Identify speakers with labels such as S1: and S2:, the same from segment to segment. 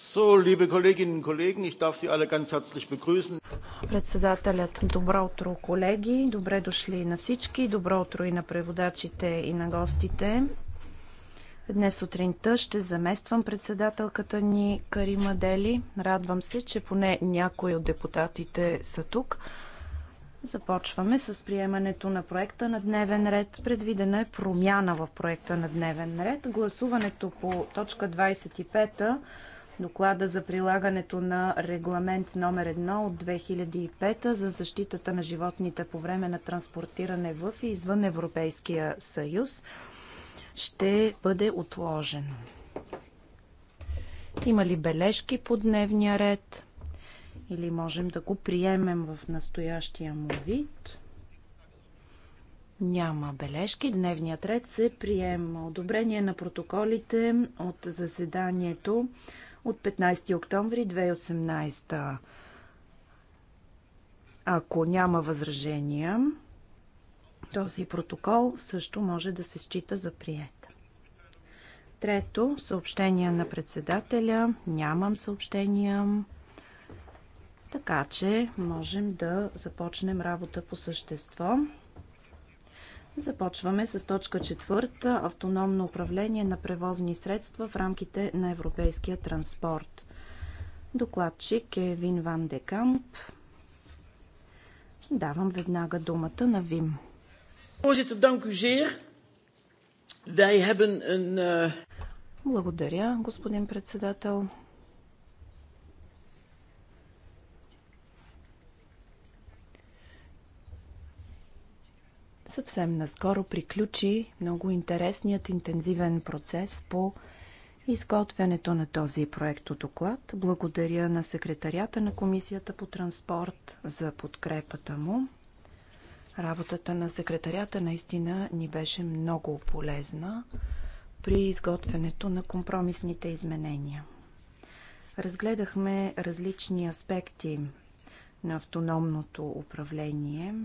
S1: So, liebe Kolleginnen und Kollegen, ich darf Sie alle ganz herzlich begrüßen.
S2: Председателят, добро утро, колеги! Добре дошли на всички, добро утро и на преводачите и на гостите. Днес сутринта ще замествам председателката ни Карима Дели. Радвам се, че поне някои от депутатите са тук. Започваме с приемането на проекта на дневен ред. Предвидена е промяна в проекта на дневен ред. Гласуването по точка 25 доклада за прилагането на регламент номер 1 от 2005 за защитата на животните по време на транспортиране в и извън Европейския съюз ще бъде отложен. Има ли бележки по дневния ред? Или можем да го приемем в настоящия му вид? Няма бележки. Дневният ред се приема. Одобрение на протоколите от заседанието от 15 октомври 2018. Ако няма възражения, този протокол също може да се счита за прият. Трето, съобщения на председателя. Нямам съобщения. Така че можем да започнем работа по същество. Започваме с точка четвърта – автономно управление на превозни средства в рамките на европейския транспорт. Докладчик е Вин Ван Декамп. Давам веднага думата на Вим.
S3: Eh,
S2: Благодаря, господин председател. Съвсем наскоро приключи много интересният интензивен процес по изготвянето на този проект от доклад. Благодаря на секретарията на Комисията по транспорт за подкрепата му. Работата на секретарията наистина ни беше много полезна при изготвянето на компромисните изменения. Разгледахме различни аспекти на автономното управление –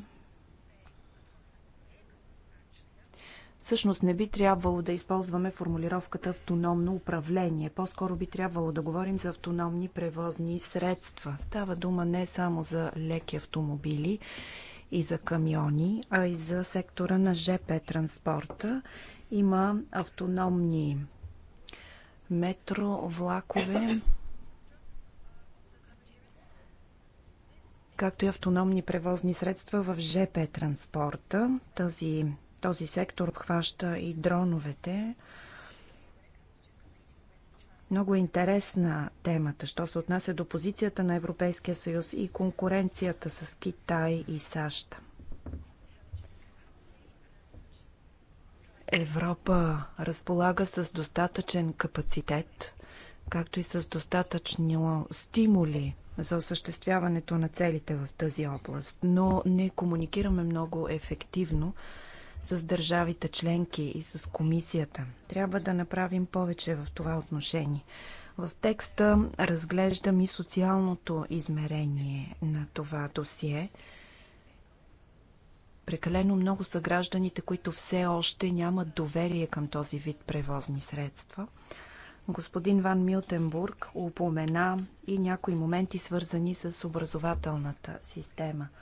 S2: Всъщност не би трябвало да използваме формулировката автономно управление. По-скоро би трябвало да говорим за автономни превозни средства. Става дума не само за леки автомобили и за камиони, а и за сектора на ЖП транспорта. Има автономни метро, влакове, както и автономни превозни средства в ЖП транспорта. Тази този сектор обхваща и дроновете. Много е интересна темата, що се отнася до позицията на Европейския съюз и конкуренцията с Китай и САЩ. Европа разполага с достатъчен капацитет, както и с достатъчно стимули за осъществяването на целите в тази област, но не комуникираме много ефективно с държавите членки и с комисията. Трябва да направим повече в това отношение. В текста разглеждам и социалното измерение на това досие. Прекалено много са гражданите, които все още нямат доверие към този вид превозни средства. Господин Ван Милтенбург упомена и някои моменти, свързани с образователната система –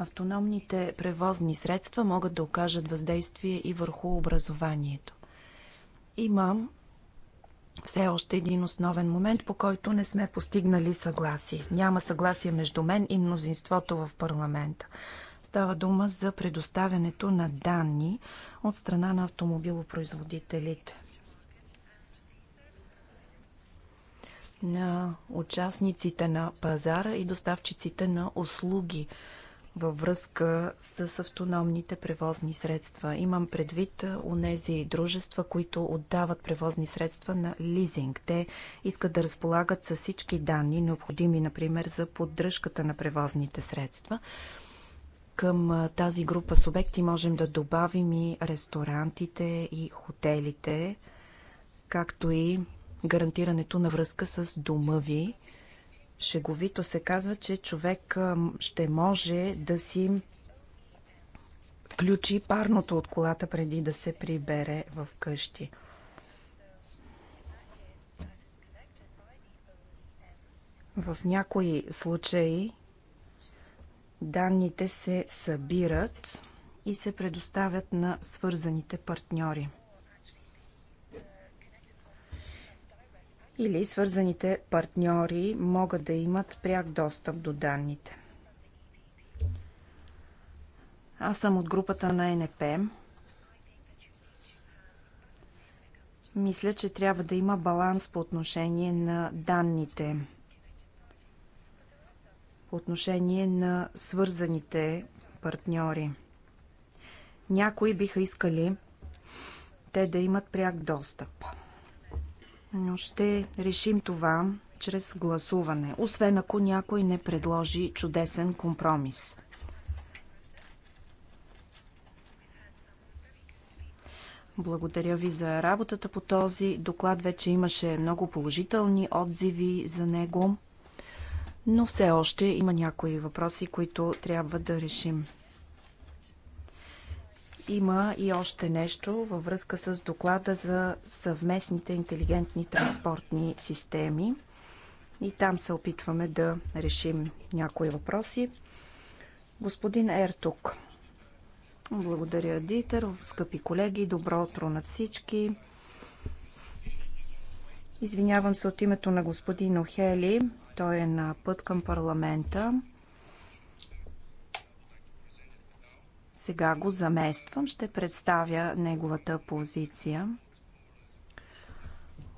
S2: автономните превозни средства могат да окажат въздействие и върху образованието. Има все още един основен момент, по който не сме постигнали съгласие. Няма съгласие между мен и мнозинството в парламента. Става дума за предоставянето на данни от страна на автомобилопроизводителите. на участниците на пазара и доставчиците на услуги във връзка с автономните превозни средства. Имам предвид онези дружества, които отдават превозни средства на лизинг. Те искат да разполагат с всички данни, необходими, например, за поддръжката на превозните средства. Към тази група субекти можем да добавим и ресторантите и хотелите, както и гарантирането на връзка с дома ви – Шеговито се казва, че човек ще може да си включи парното от колата преди да се прибере в къщи. В някои случаи данните се събират и се предоставят на свързаните партньори. или свързаните партньори могат да имат пряк достъп до данните. Аз съм от групата на НП. Мисля, че трябва да има баланс по отношение на данните, по отношение на свързаните партньори. Някои биха искали те да имат пряк достъп но ще решим това чрез гласуване, освен ако някой не предложи чудесен компромис. Благодаря ви за работата по този доклад. Вече имаше много положителни отзиви за него, но все още има някои въпроси, които трябва да решим. Има и още нещо във връзка с доклада за съвместните интелигентни транспортни системи. И там се опитваме да решим някои въпроси. Господин Ертук. Благодаря, Дитър. Скъпи колеги, добро утро на всички. Извинявам се от името на господин Охели. Той е на път към парламента. Сега го замествам, ще представя неговата позиция.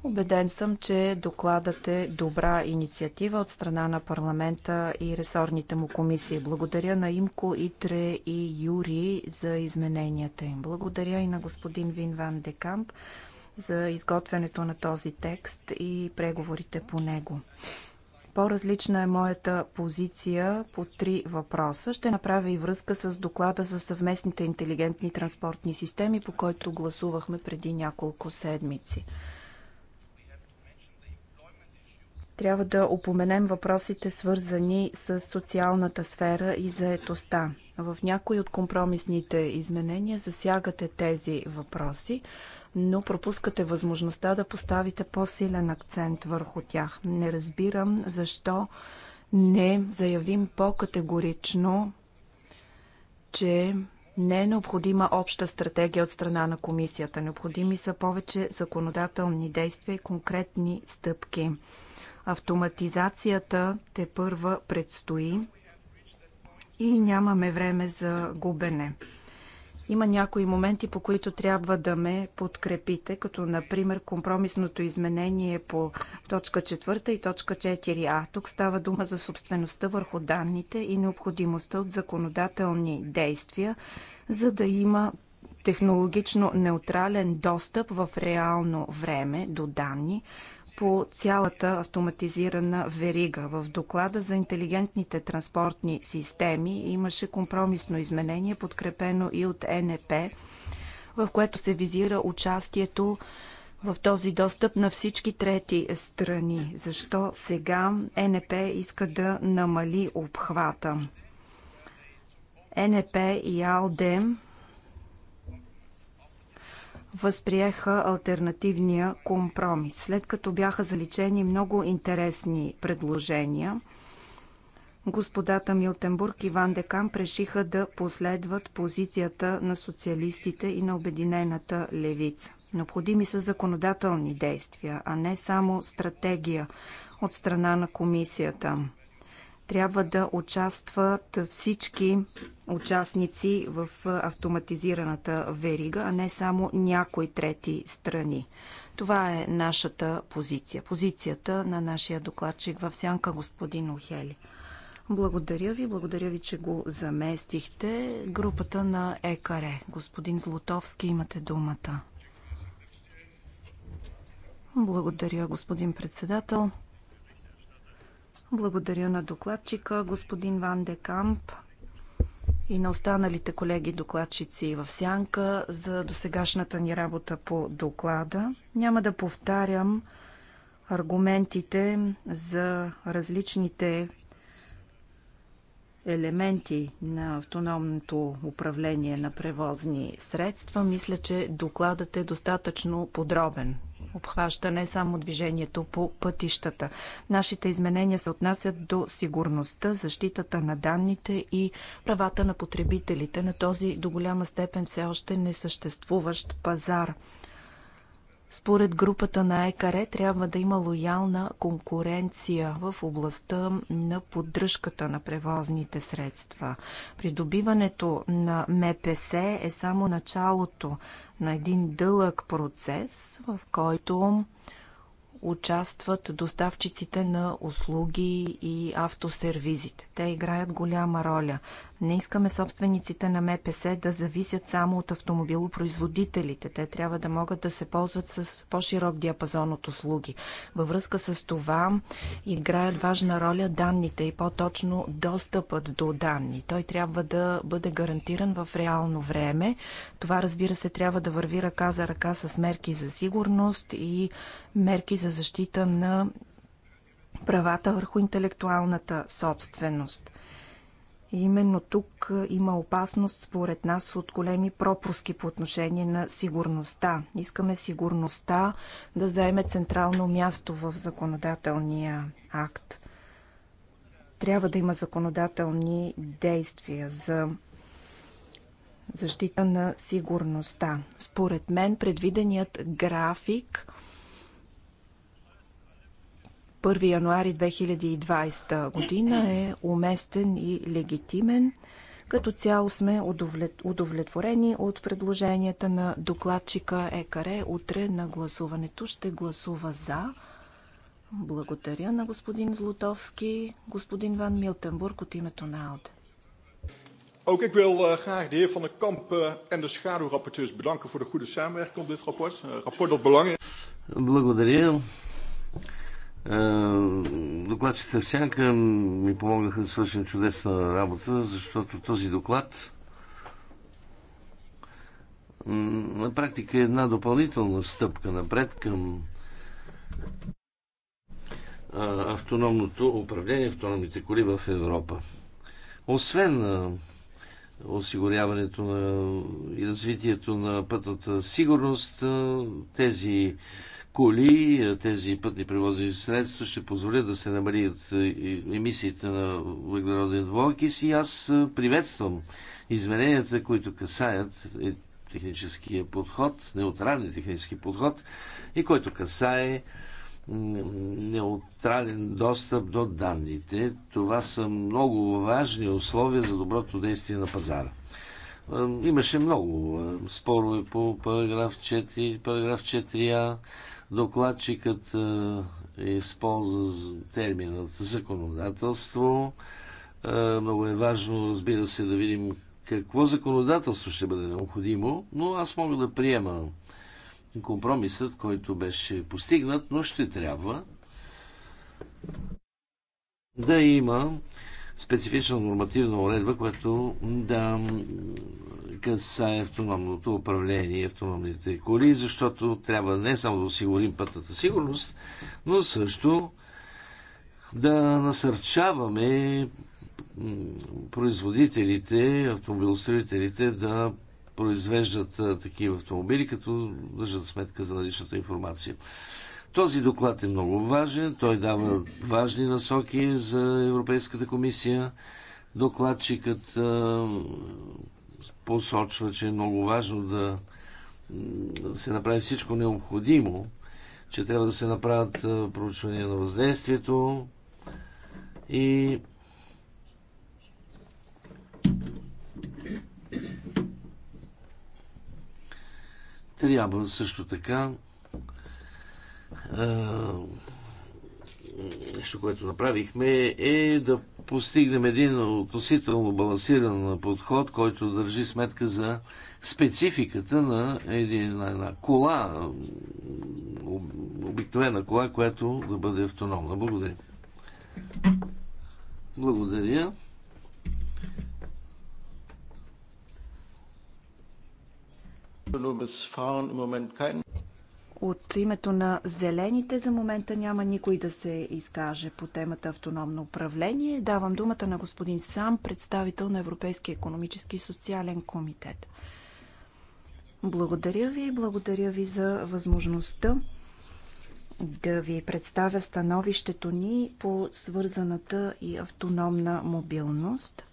S2: Обеден съм, че докладът е добра инициатива от страна на парламента и ресорните му комисии. Благодаря на Имко, Итре и Юри за измененията им. Благодаря и на господин Вин Ван Декамп за изготвянето на този текст и преговорите по него. По-различна е моята позиция по три въпроса. Ще направя и връзка с доклада за съвместните интелигентни транспортни системи, по който гласувахме преди няколко седмици. Трябва да упоменем въпросите, свързани с социалната сфера и заетостта. В някои от компромисните изменения засягате тези въпроси но пропускате възможността да поставите по-силен акцент върху тях. Не разбирам защо не заявим по-категорично, че не е необходима обща стратегия от страна на комисията. Необходими са повече законодателни действия и конкретни стъпки. Автоматизацията те първа предстои и нямаме време за губене. Има някои моменти, по които трябва да ме подкрепите, като например компромисното изменение по точка 4 и точка 4а. Тук става дума за собствеността върху данните и необходимостта от законодателни действия, за да има технологично неутрален достъп в реално време до данни, по цялата автоматизирана верига. В доклада за интелигентните транспортни системи имаше компромисно изменение, подкрепено и от НП, в което се визира участието в този достъп на всички трети страни. Защо сега НП иска да намали обхвата? НП и АЛДЕ възприеха альтернативния компромис. След като бяха заличени много интересни предложения, господата Милтенбург и Ван Декам решиха да последват позицията на социалистите и на Обединената левица. Необходими са законодателни действия, а не само стратегия от страна на комисията трябва да участват всички участници в автоматизираната верига, а не само някои трети страни. Това е нашата позиция. Позицията на нашия докладчик в сянка, господин Охели. Благодаря ви, благодаря ви, че го заместихте. Групата на ЕКАРЕ. Господин Злотовски, имате думата. Благодаря, господин председател. Благодаря на докладчика, господин Ван де Камп и на останалите колеги докладчици в Сянка за досегашната ни работа по доклада. Няма да повтарям аргументите за различните елементи на автономното управление на превозни средства. Мисля, че докладът е достатъчно подробен обхваща не само движението по пътищата. Нашите изменения се отнасят до сигурността, защитата на данните и правата на потребителите на този до голяма степен все още несъществуващ пазар. Според групата на ЕКАРЕ трябва да има лоялна конкуренция в областта на поддръжката на превозните средства. Придобиването на МПС е само началото на един дълъг процес, в който участват доставчиците на услуги и автосервизите. Те играят голяма роля. Не искаме собствениците на МПС да зависят само от автомобилопроизводителите. Те трябва да могат да се ползват с по-широк диапазон от услуги. Във връзка с това играят важна роля данните и по-точно достъпът до данни. Той трябва да бъде гарантиран в реално време. Това, разбира се, трябва да върви ръка за ръка с мерки за сигурност и мерки за защита на правата върху интелектуалната собственост. И именно тук има опасност, според нас, от големи пропуски по отношение на сигурността. Искаме сигурността да заеме централно място в законодателния акт. Трябва да има законодателни действия за защита на сигурността. Според мен, предвиденият график 1 януари 2020 година е уместен и легитимен. Като цяло сме удовлетворени от предложенията на докладчика ЕКАРЕ. Утре на гласуването ще гласува за. Благодаря на господин Злотовски, господин Ван Милтенбург от името на АОД.
S1: Ook ik wil uh, graag de heer Van den Kamp uh, en de schaduwrapporteurs bedanken voor de goede samenwerking op dit rapport. Een rapport dat belangrijk
S3: is. Благодаря. Е, докладчите в сянка ми помогнаха да свършим чудесна работа, защото този доклад на практика е една допълнителна стъпка напред към автономното управление, автономните коли в Европа. Освен осигуряването на и развитието на пътната сигурност, тези коли, тези пътни превозни средства ще позволят да се намалят емисиите на въглероден двуокис и аз приветствам измененията, които касаят е, техническия подход, неутрален технически подход и който касае неутрален достъп до данните. Това са много важни условия за доброто действие на пазара. Имаше много спорове по параграф 4, параграф 4а, Докладчикът е, използва терминът законодателство. Е, много е важно, разбира се, да видим какво законодателство ще бъде необходимо, но аз мога да приема компромисът, който беше постигнат, но ще трябва да има специфична нормативна уредба, която да касае автономното управление, автономните коли, защото трябва не само да осигурим пътната сигурност, но също да насърчаваме производителите, автомобилостроителите да произвеждат такива автомобили, като държат сметка за наличната информация. Този доклад е много важен. Той дава важни насоки за Европейската комисия. Докладчикът посочва, че е много важно да се направи всичко необходимо, че трябва да се направят проучвания на въздействието и трябва също така нещо, което направихме, е да постигнем един относително балансиран подход, който държи сметка за спецификата на една, една кола, обикновена кола, която да бъде автономна. Благодаря. Благодаря.
S2: От името на зелените за момента няма никой да се изкаже по темата автономно управление. Давам думата на господин Сам, представител на Европейския економически и социален комитет. Благодаря ви и благодаря ви за възможността да ви представя становището ни по свързаната и автономна мобилност –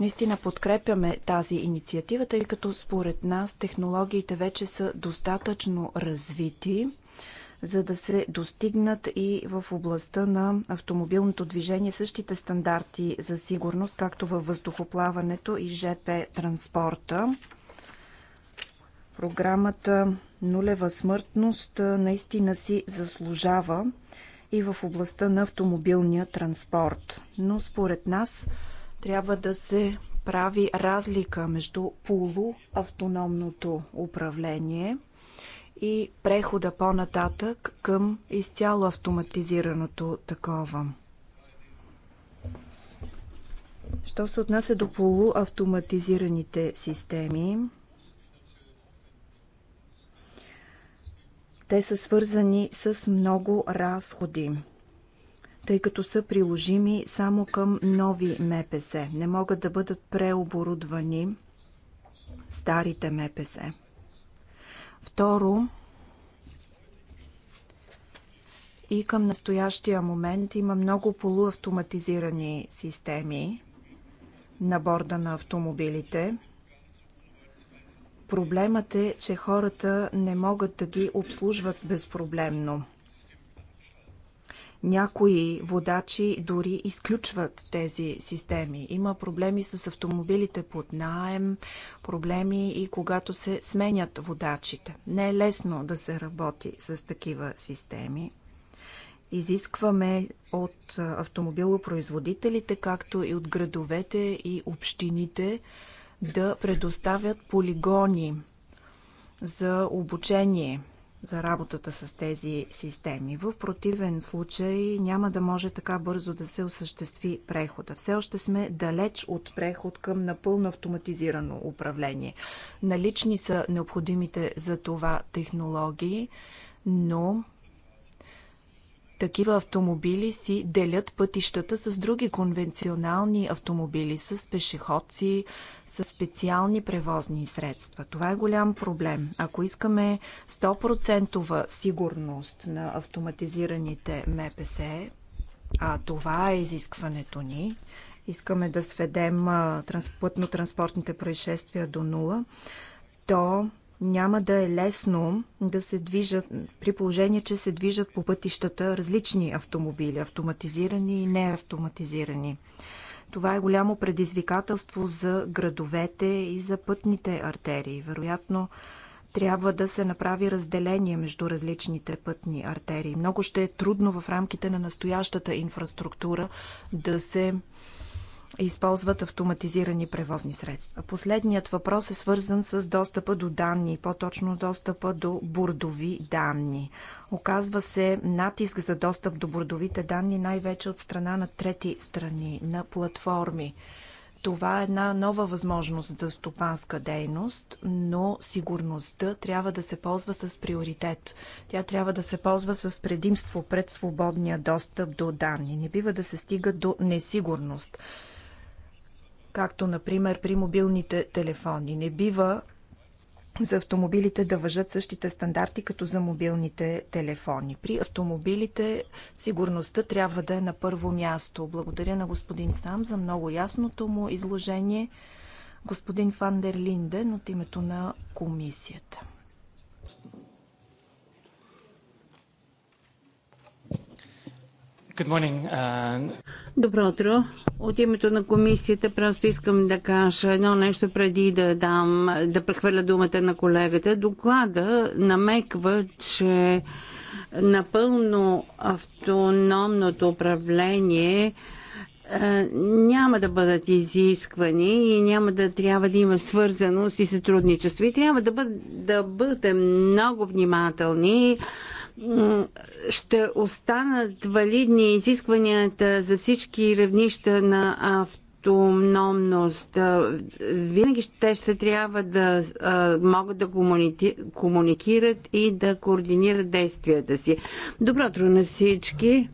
S2: Наистина подкрепяме тази инициатива, тъй като според нас технологиите вече са достатъчно развити, за да се достигнат и в областта на автомобилното движение същите стандарти за сигурност, както във въздухоплаването и ЖП транспорта. Програмата Нулева смъртност наистина си заслужава и в областта на автомобилния транспорт. Но според нас трябва да се прави разлика между полуавтономното управление и прехода по-нататък към изцяло автоматизираното такова. Що се отнася до полуавтоматизираните системи, те са свързани с много разходи тъй като са приложими само към нови МПС. Не могат да бъдат преоборудвани старите МПС. Второ, и към настоящия момент има много полуавтоматизирани системи на борда на автомобилите. Проблемът е, че хората не могат да ги обслужват безпроблемно. Някои водачи дори изключват тези системи. Има проблеми с автомобилите под найем, проблеми и когато се сменят водачите. Не е лесно да се работи с такива системи. Изискваме от автомобилопроизводителите, както и от градовете и общините, да предоставят полигони за обучение за работата с тези системи. В противен случай няма да може така бързо да се осъществи прехода. Все още сме далеч от преход към напълно автоматизирано управление. Налични са необходимите за това технологии, но такива автомобили си делят пътищата с други конвенционални автомобили, с пешеходци, с специални превозни средства. Това е голям проблем. Ако искаме 100% сигурност на автоматизираните МПС, а това е изискването ни, искаме да сведем пътно транспортните происшествия до нула, то няма да е лесно да се движат, при положение, че се движат по пътищата различни автомобили, автоматизирани и неавтоматизирани. Това е голямо предизвикателство за градовете и за пътните артерии. Вероятно, трябва да се направи разделение между различните пътни артерии. Много ще е трудно в рамките на настоящата инфраструктура да се използват автоматизирани превозни средства. Последният въпрос е свързан с достъпа до данни, по-точно достъпа до бордови данни. Оказва се натиск за достъп до бордовите данни най-вече от страна на трети страни, на платформи. Това е една нова възможност за стопанска дейност, но сигурността трябва да се ползва с приоритет. Тя трябва да се ползва с предимство пред свободния достъп до данни. Не бива да се стига до несигурност както например при мобилните телефони. Не бива за автомобилите да въжат същите стандарти, като за мобилните телефони. При автомобилите сигурността трябва да е на първо място. Благодаря на господин Сам за много ясното му изложение. Господин Фандер Линден от името на комисията.
S3: Uh,
S4: Добро утро. От името на комисията просто искам да кажа едно нещо преди да дам, да прехвърля думата на колегата. Доклада намеква, че напълно автономното управление е, няма да бъдат изисквани и няма да трябва да има свързаност и сътрудничество. И трябва да, бъд, да бъдем много внимателни ще останат валидни изискванията за всички равнища на автономност. Винаги те ще трябва да могат да комуникират и да координират действията си. Добро утро на всички!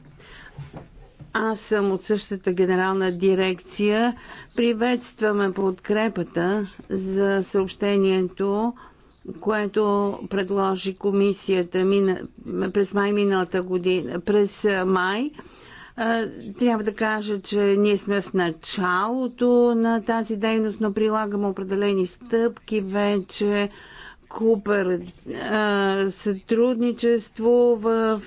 S4: Аз съм от същата генерална дирекция. Приветстваме подкрепата за съобщението което предложи комисията през май миналата година, през май, трябва да кажа, че ние сме в началото на тази дейност, но прилагаме определени стъпки вече. Купер, сътрудничество в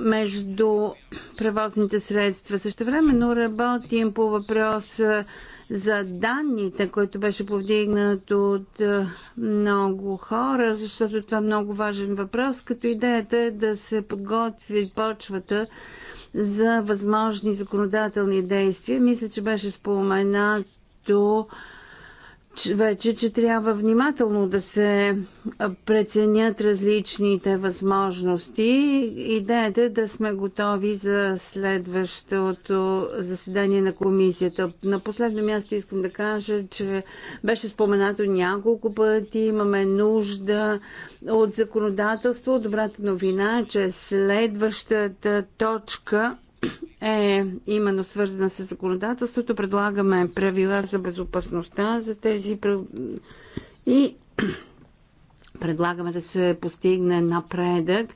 S4: между превозните средства. Също времено работим по въпроса за данните, което беше повдигнато от е, много хора, защото това е много важен въпрос, като идеята е да се подготви почвата за възможни законодателни действия. Мисля, че беше споменато вече, че трябва внимателно да се преценят различните възможности. Идеята е да сме готови за следващото заседание на комисията. На последно място искам да кажа, че беше споменато няколко пъти. Имаме нужда от законодателство. Добрата новина е, че следващата точка е именно свързана с законодателството. Предлагаме правила за безопасността за тези и предлагаме да се постигне напредък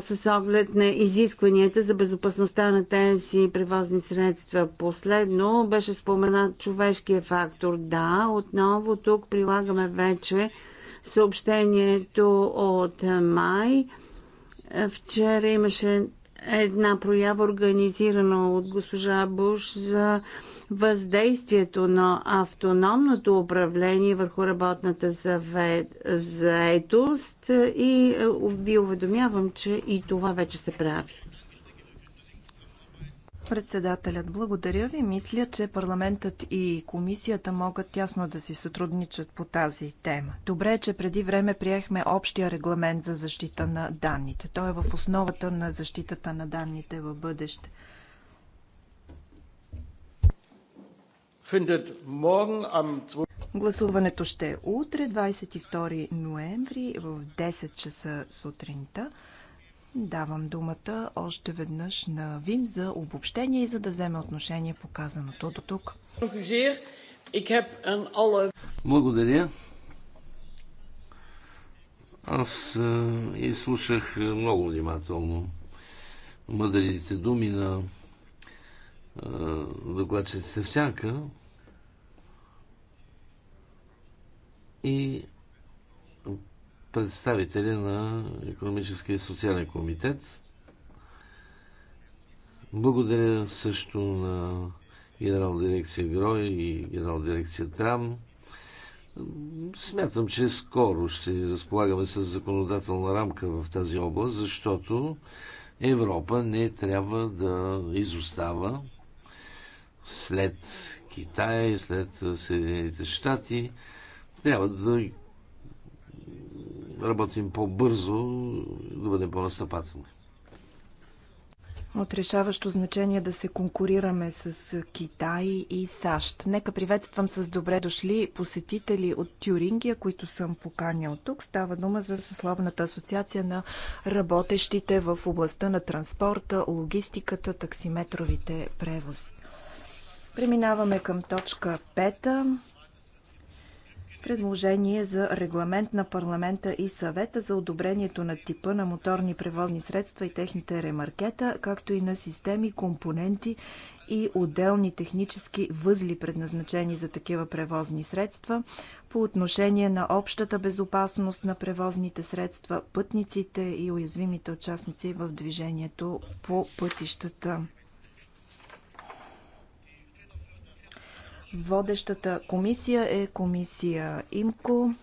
S4: с оглед на изискванията за безопасността на тези превозни средства. Последно беше споменат човешкия фактор. Да, отново тук прилагаме вече съобщението от май. Вчера имаше една проява, организирана от госпожа Буш за въздействието на автономното управление върху работната заетост, заедост и е, ви уведомявам, че и това вече се прави.
S2: Председателят, благодаря ви. Мисля, че парламентът и комисията могат тясно да си сътрудничат по тази тема. Добре е, че преди време приехме общия регламент за защита на данните. Той е в основата на защитата на данните в бъдеще. Гласуването ще е утре, 22 ноември в 10 часа сутринта. Давам думата още веднъж на Вим за обобщение и за да вземе отношение по казаното до тук.
S3: Благодаря. Аз изслушах много внимателно мъдрите думи на докладчиците всяка. И представители на Економическия и социален комитет. Благодаря също на генерал дирекция Герой и генерал дирекция Трам. Смятам, че скоро ще разполагаме с законодателна рамка в тази област, защото Европа не трябва да изостава след Китай, след Съединените щати. Трябва да работим по-бързо, да бъдем по-настъпателни.
S2: От решаващо значение да се конкурираме с Китай и САЩ. Нека приветствам с добре дошли посетители от Тюрингия, които съм поканял тук. Става дума за съсловната асоциация на работещите в областта на транспорта, логистиката, таксиметровите превози. Преминаваме към точка 5 предложение за регламент на парламента и съвета за одобрението на типа на моторни превозни средства и техните ремаркета, както и на системи, компоненти и отделни технически възли, предназначени за такива превозни средства, по отношение на общата безопасност на превозните средства, пътниците и уязвимите участници в движението по пътищата. Водещата комисия е комисия ИМКО.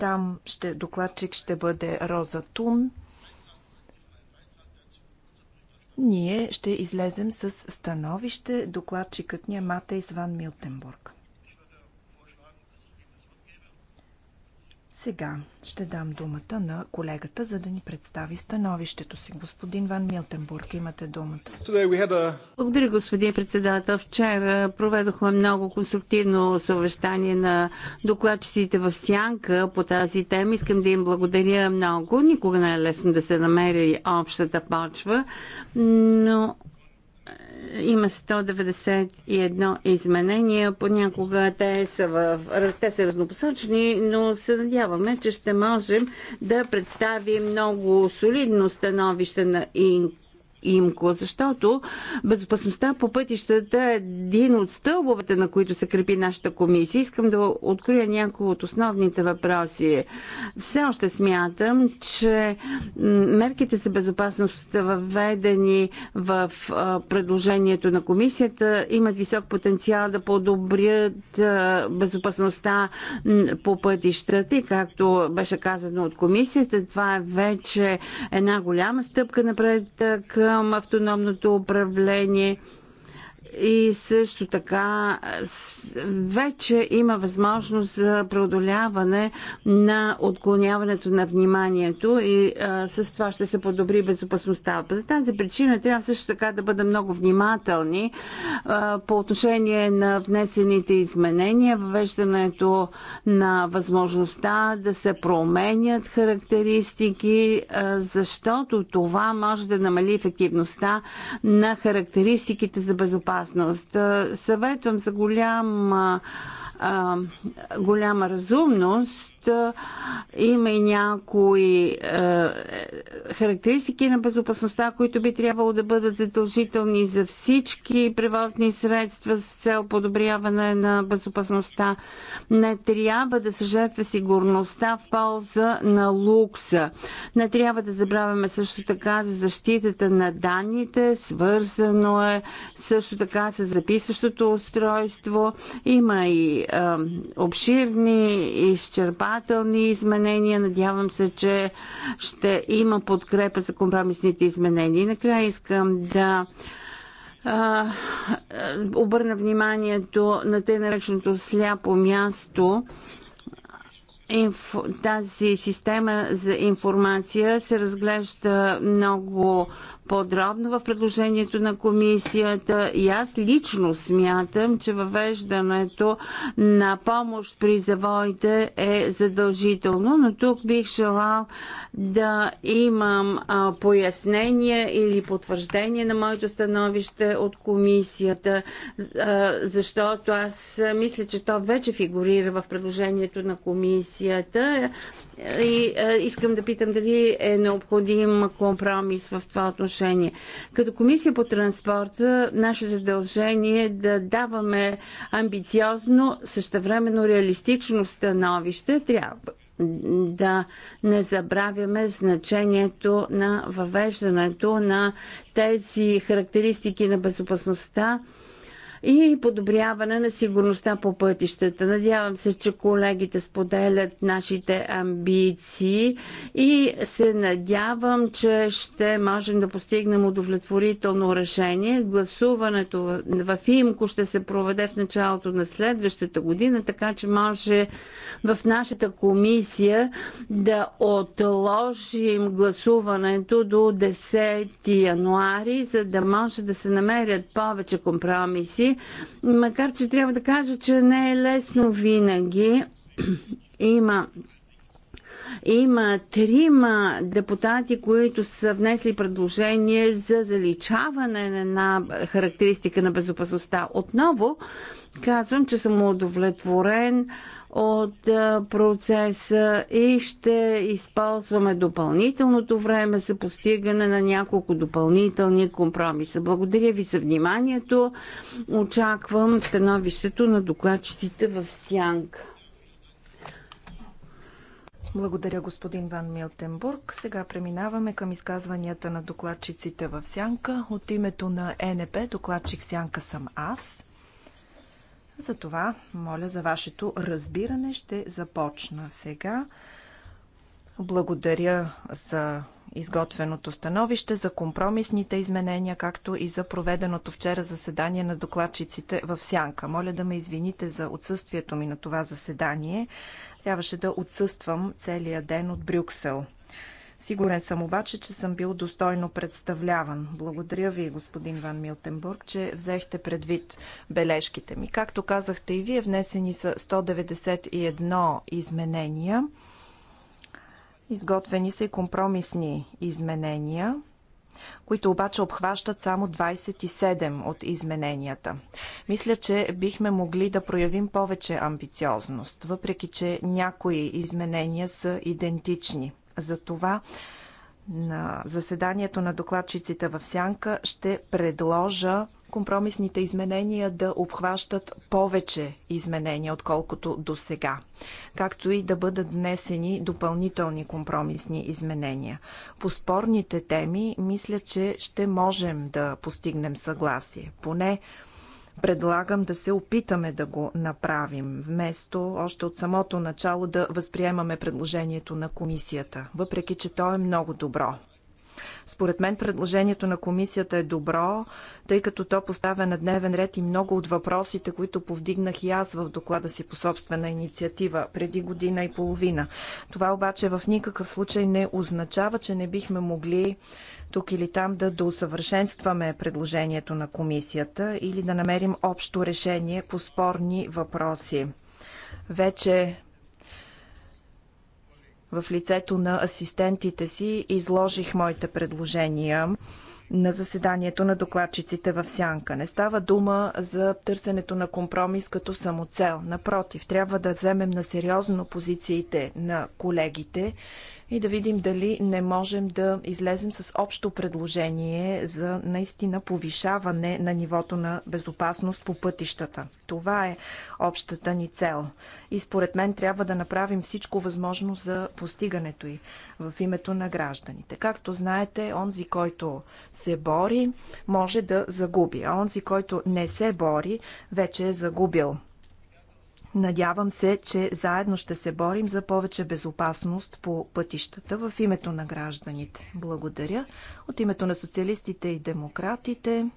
S2: Там ще, докладчик ще бъде Роза Тун. Ние ще излезем с становище. Докладчикът ни е Матейс Ван Милтенбург. Сега ще дам думата на колегата, за да ни представи становището си. Господин Ван Милтенбург, имате думата.
S4: Благодаря, господин председател. Вчера проведохме много конструктивно съвещание на докладчиците в Сянка по тази тема. Искам да им благодаря много. Никога не е лесно да се намери общата почва, но има 191 изменения. Понякога те са, в, те са разнопосочни, но се надяваме, че ще можем да представим много солидно становище на ИНК имко, защото безопасността по пътищата е един от стълбовете, на които се крепи нашата комисия. Искам да открия някои от основните въпроси. Все още смятам, че мерките за безопасност, въведени в предложението на комисията, имат висок потенциал да подобрят безопасността по пътищата и както беше казано от комисията, това е вече една голяма стъпка напред към към автономното управление и също така вече има възможност за преодоляване на отклоняването на вниманието и а, с това ще се подобри безопасността. За тази причина трябва също така да бъдем много внимателни а, по отношение на внесените изменения, въвеждането на възможността да се променят характеристики, а, защото това може да намали ефективността на характеристиките за безопасност опасност. Е, съветвам за голяма, голяма разумност има и някои е, характеристики на безопасността, които би трябвало да бъдат задължителни за всички превозни средства с цел подобряване на безопасността. Не трябва да се жертва сигурността в полза на лукса. Не трябва да забравяме също така за защитата на данните. Свързано е също така с записващото устройство. Има и е, обширни изчерпателни законодателни изменения. Надявам се, че ще има подкрепа за компромисните изменения. И накрая искам да а, обърна вниманието на те нареченото сляпо място инф... тази система за информация се разглежда много подробно в предложението на комисията и аз лично смятам, че въвеждането на помощ при завоите е задължително, но тук бих желал да имам а, пояснение или потвърждение на моето становище от комисията, а, защото аз мисля, че то вече фигурира в предложението на комисията. И а, е, искам да питам дали е необходим компромис в това отношение. Като комисия по транспорта, наше задължение е да даваме амбициозно, същевременно реалистично становище. Трябва да не забравяме значението на въвеждането на тези характеристики на безопасността и подобряване на сигурността по пътищата. Надявам се, че колегите споделят нашите амбиции и се надявам, че ще можем да постигнем удовлетворително решение. Гласуването в ИМКО ще се проведе в началото на следващата година, така че може в нашата комисия да отложим гласуването до 10 януари, за да може да се намерят повече компромиси макар че трябва да кажа, че не е лесно винаги. Има има трима депутати, които са внесли предложение за заличаване на характеристика на безопасността. Отново казвам, че съм удовлетворен от процеса и ще използваме допълнителното време за постигане на няколко допълнителни компромиса. Благодаря ви за вниманието. Очаквам становището на докладчиците в Сянка.
S2: Благодаря, господин Ван Милтенбург. Сега преминаваме към изказванията на докладчиците в Сянка. От името на ЕНП докладчик Сянка съм аз. Затова, моля за вашето разбиране, ще започна сега. Благодаря за изготвеното становище, за компромисните изменения, както и за проведеното вчера заседание на докладчиците в Сянка. Моля да ме извините за отсъствието ми на това заседание. Трябваше да отсъствам целия ден от Брюксел. Сигурен съм обаче, че съм бил достойно представляван. Благодаря ви, господин Ван Милтенбург, че взехте предвид бележките ми. Както казахте и вие, внесени са 191 изменения – Изготвени са и компромисни изменения, които обаче обхващат само 27 от измененията. Мисля, че бихме могли да проявим повече амбициозност, въпреки че някои изменения са идентични. Затова на заседанието на докладчиците в Сянка ще предложа компромисните изменения да обхващат повече изменения, отколкото до сега, както и да бъдат внесени допълнителни компромисни изменения. По спорните теми, мисля, че ще можем да постигнем съгласие. Поне предлагам да се опитаме да го направим, вместо още от самото начало да възприемаме предложението на комисията, въпреки че то е много добро. Според мен предложението на комисията е добро, тъй като то поставя на дневен ред и много от въпросите, които повдигнах и аз в доклада си по собствена инициатива преди година и половина. Това обаче в никакъв случай не означава, че не бихме могли тук или там да доусъвършенстваме предложението на комисията или да намерим общо решение по спорни въпроси. Вече в лицето на асистентите си изложих моите предложения на заседанието на докладчиците в Сянка. Не става дума за търсенето на компромис като самоцел. Напротив, трябва да вземем на сериозно позициите на колегите, и да видим дали не можем да излезем с общо предложение за наистина повишаване на нивото на безопасност по пътищата. Това е общата ни цел. И според мен трябва да направим всичко възможно за постигането й в името на гражданите. Както знаете, онзи, който се бори, може да загуби, а онзи, който не се бори, вече е загубил. Надявам се, че заедно ще се борим за повече безопасност по пътищата в името на гражданите. Благодаря. От името на социалистите и демократите,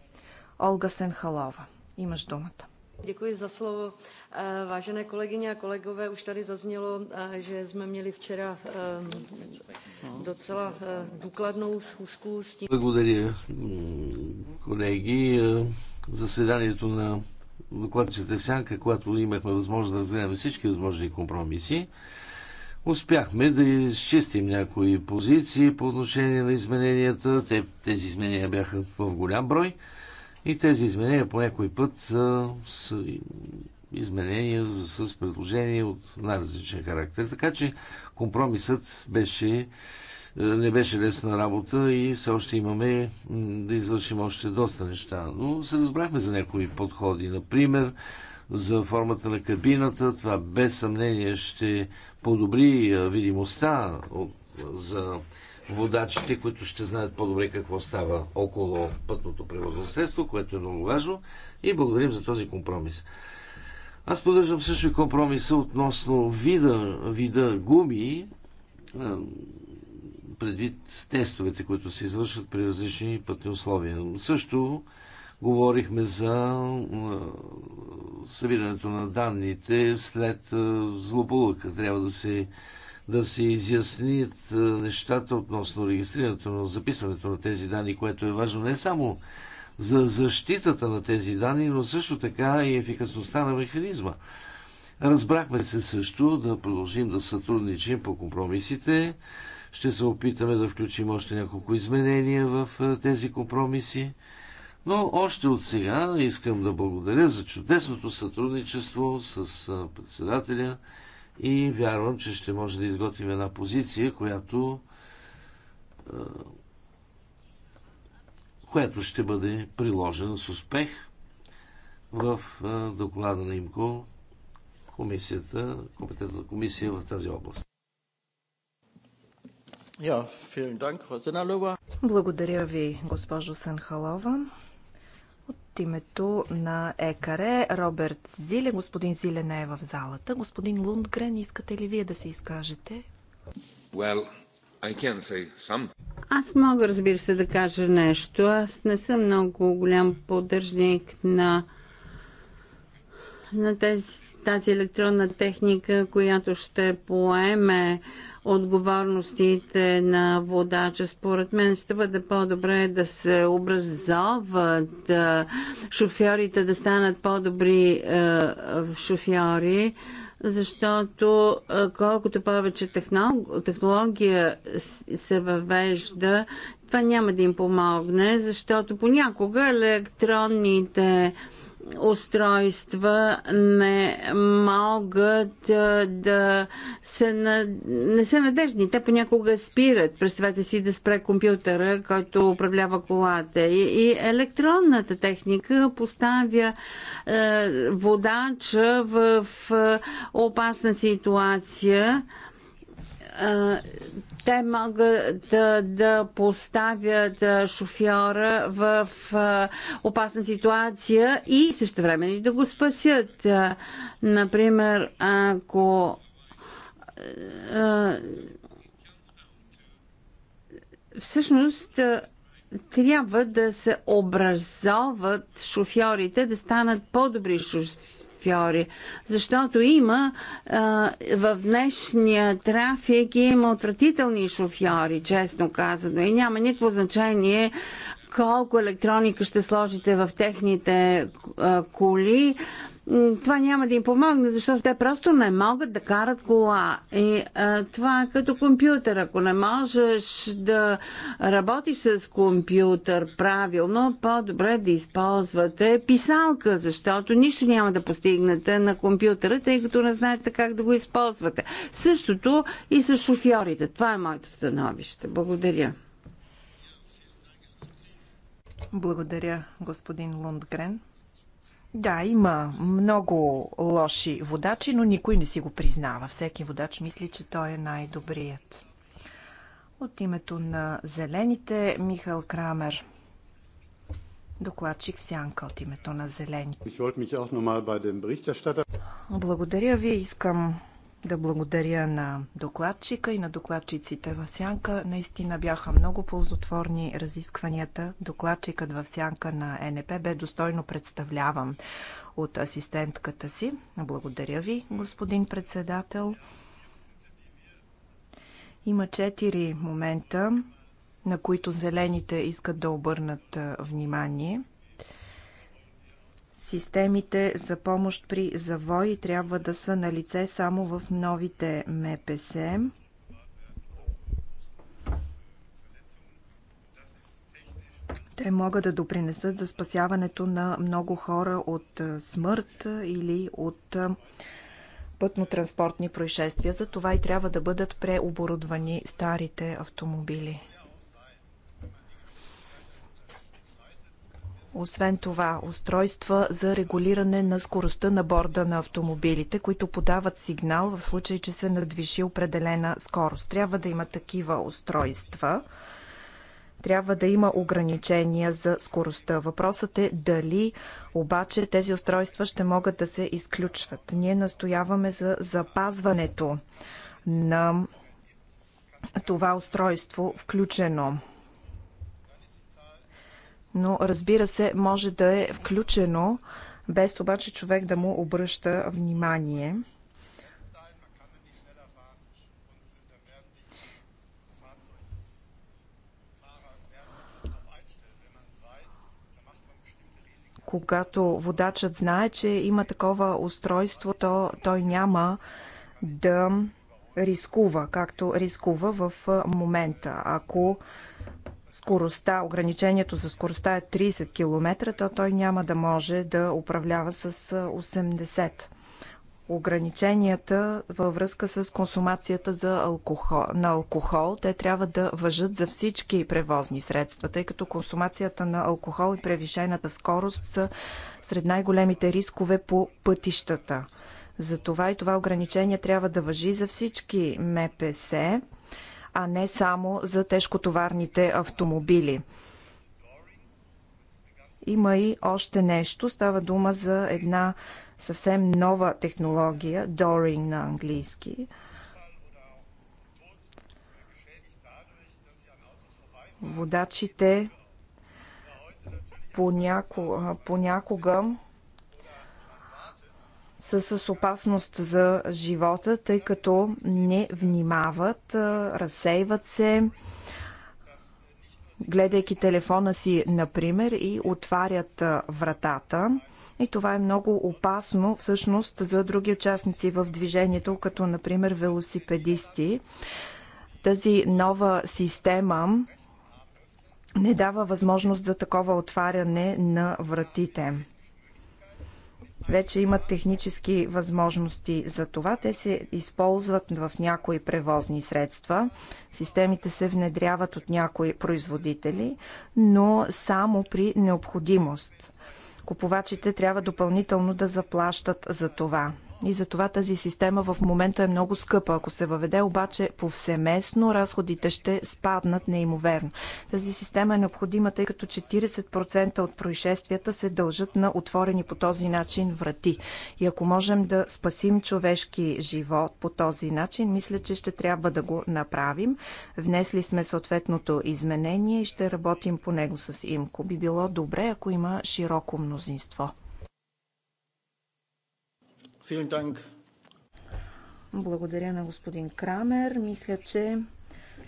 S2: Олга Сенхалова. Имаш думата.
S4: Děkuji za slovo. Vážené kolegyně a kolegové, už tady zaznělo, že jsme měli včera
S3: docela důkladnou schůzku s tím... Děkuji, kolegy. Zasedání Заседанието na докладчите в сянка, когато имахме възможност да разгледаме всички възможни компромиси, успяхме да изчистим някои позиции по отношение на измененията. Те, тези изменения бяха в голям брой и тези изменения по някой път а, са изменения с предложения от най-различен характер. Така че компромисът беше не беше лесна работа и все още имаме да извършим още доста неща. Но се разбрахме за някои подходи. Например, за формата на кабината. Това без съмнение ще подобри видимостта за водачите, които ще знаят по-добре какво става около пътното превозно средство, което е много важно. И благодарим за този компромис. Аз поддържам също и компромиса относно вида, вида гуми, предвид тестовете, които се извършват при различни пътни условия. Също говорихме за събирането на данните след злополука. Трябва да се, да се изяснят нещата относно регистрирането на записването на тези данни, което е важно не само за защитата на тези данни, но също така и ефикасността на механизма. Разбрахме се също да продължим да сътрудничим по компромисите ще се опитаме да включим още няколко изменения в е, тези компромиси. Но още от сега искам да благодаря за чудесното сътрудничество с е, председателя и вярвам, че ще може да изготвим една позиция, която е, която ще бъде приложена с успех в доклада на ИМКО, комисията, компетентната комисия в тази област.
S2: Благодаря ви, госпожо Санхалова. От името на ЕКАРЕ, Роберт Зиле. Господин Зиле не е в залата.
S4: Господин Лундгрен, искате ли вие да се изкажете?
S3: Well, I can say some.
S4: Аз мога, разбира се, да кажа нещо. Аз не съм много голям поддръжник на, на тези, тази електронна техника, която ще поеме отговорностите на водача. Според мен ще бъде по-добре да се образоват шофьорите, да станат по-добри шофьори защото колкото повече технология се въвежда, това няма да им помогне, защото понякога електронните устройства не могат да са на... не са надежни. Те понякога спират. Представете си да спре компютъра, който управлява колата. И, и електронната техника поставя е, водача в, в опасна ситуация те могат да, да поставят шофьора в опасна ситуация и също време и да го спасят. Например, ако всъщност трябва да се образоват шофьорите, да станат по-добри шофьори. Защото има в днешния трафик има отвратителни шофьори, честно казано. И няма никакво значение колко електроника ще сложите в техните коли това няма да им помогне, защото те просто не могат да карат кола. И а, това е като компютър. Ако не можеш да работиш с компютър правилно, по-добре да използвате писалка, защото нищо няма да постигнете на компютъра, тъй като не знаете как да го използвате. Същото и с шофьорите. Това е моето становище. Благодаря.
S2: Благодаря, господин Лундгрен. Да, има много лоши водачи, но никой не си го признава. Всеки водач мисли, че той е най-добрият. От името на Зелените, Михал Крамер. Докладчик в сянка от името на Зелените. Благодаря ви. Искам да благодаря на докладчика и на докладчиците в Сянка. Наистина бяха много ползотворни разискванията. Докладчикът в Сянка на НП бе достойно представляван от асистентката си. Благодаря ви, господин председател. Има четири момента, на които зелените искат да обърнат внимание – Системите за помощ при завои трябва да са на лице само в новите МПС. Те могат да допринесат за спасяването на много хора от смърт или от пътно-транспортни происшествия. За това и трябва да бъдат преоборудвани старите автомобили. Освен това, устройства за регулиране на скоростта на борда на автомобилите, които подават сигнал в случай, че се надвиши определена скорост. Трябва да има такива устройства. Трябва да има ограничения за скоростта. Въпросът е дали обаче тези устройства ще могат да се изключват. Ние настояваме за запазването на това устройство включено но разбира се, може да е включено, без обаче човек да му обръща внимание. когато водачът знае, че има такова устройство, то той няма да рискува, както рискува в момента. Ако скоростта, ограничението за скоростта е 30 км, то той няма да може да управлява с 80 ограниченията във връзка с консумацията за алкохол, на алкохол. Те трябва да въжат за всички превозни средства, тъй като консумацията на алкохол и превишената скорост са сред най-големите рискове по пътищата. Затова и това ограничение трябва да въжи за всички МПС а не само за тежкотоварните автомобили. Има и още нещо. Става дума за една съвсем нова технология, Doring на английски. Водачите понякога, понякога са с опасност за живота, тъй като не внимават, разсейват се, гледайки телефона си, например, и отварят вратата. И това е много опасно всъщност за други участници в движението, като например велосипедисти. Тази нова система не дава възможност за такова отваряне на вратите вече имат технически възможности за това. Те се използват в някои превозни средства. Системите се внедряват от някои производители, но само при необходимост. Купувачите трябва допълнително да заплащат за това и затова тази система в момента е много скъпа. Ако се въведе обаче повсеместно, разходите ще спаднат неимоверно. Тази система е необходима, тъй като 40% от происшествията се дължат на отворени по този начин врати. И ако можем да спасим човешки живот по този начин, мисля, че ще трябва да го направим. Внесли сме съответното изменение и ще работим по него с имко. Би било добре, ако има широко мнозинство. Благодаря на господин Крамер. Мисля, че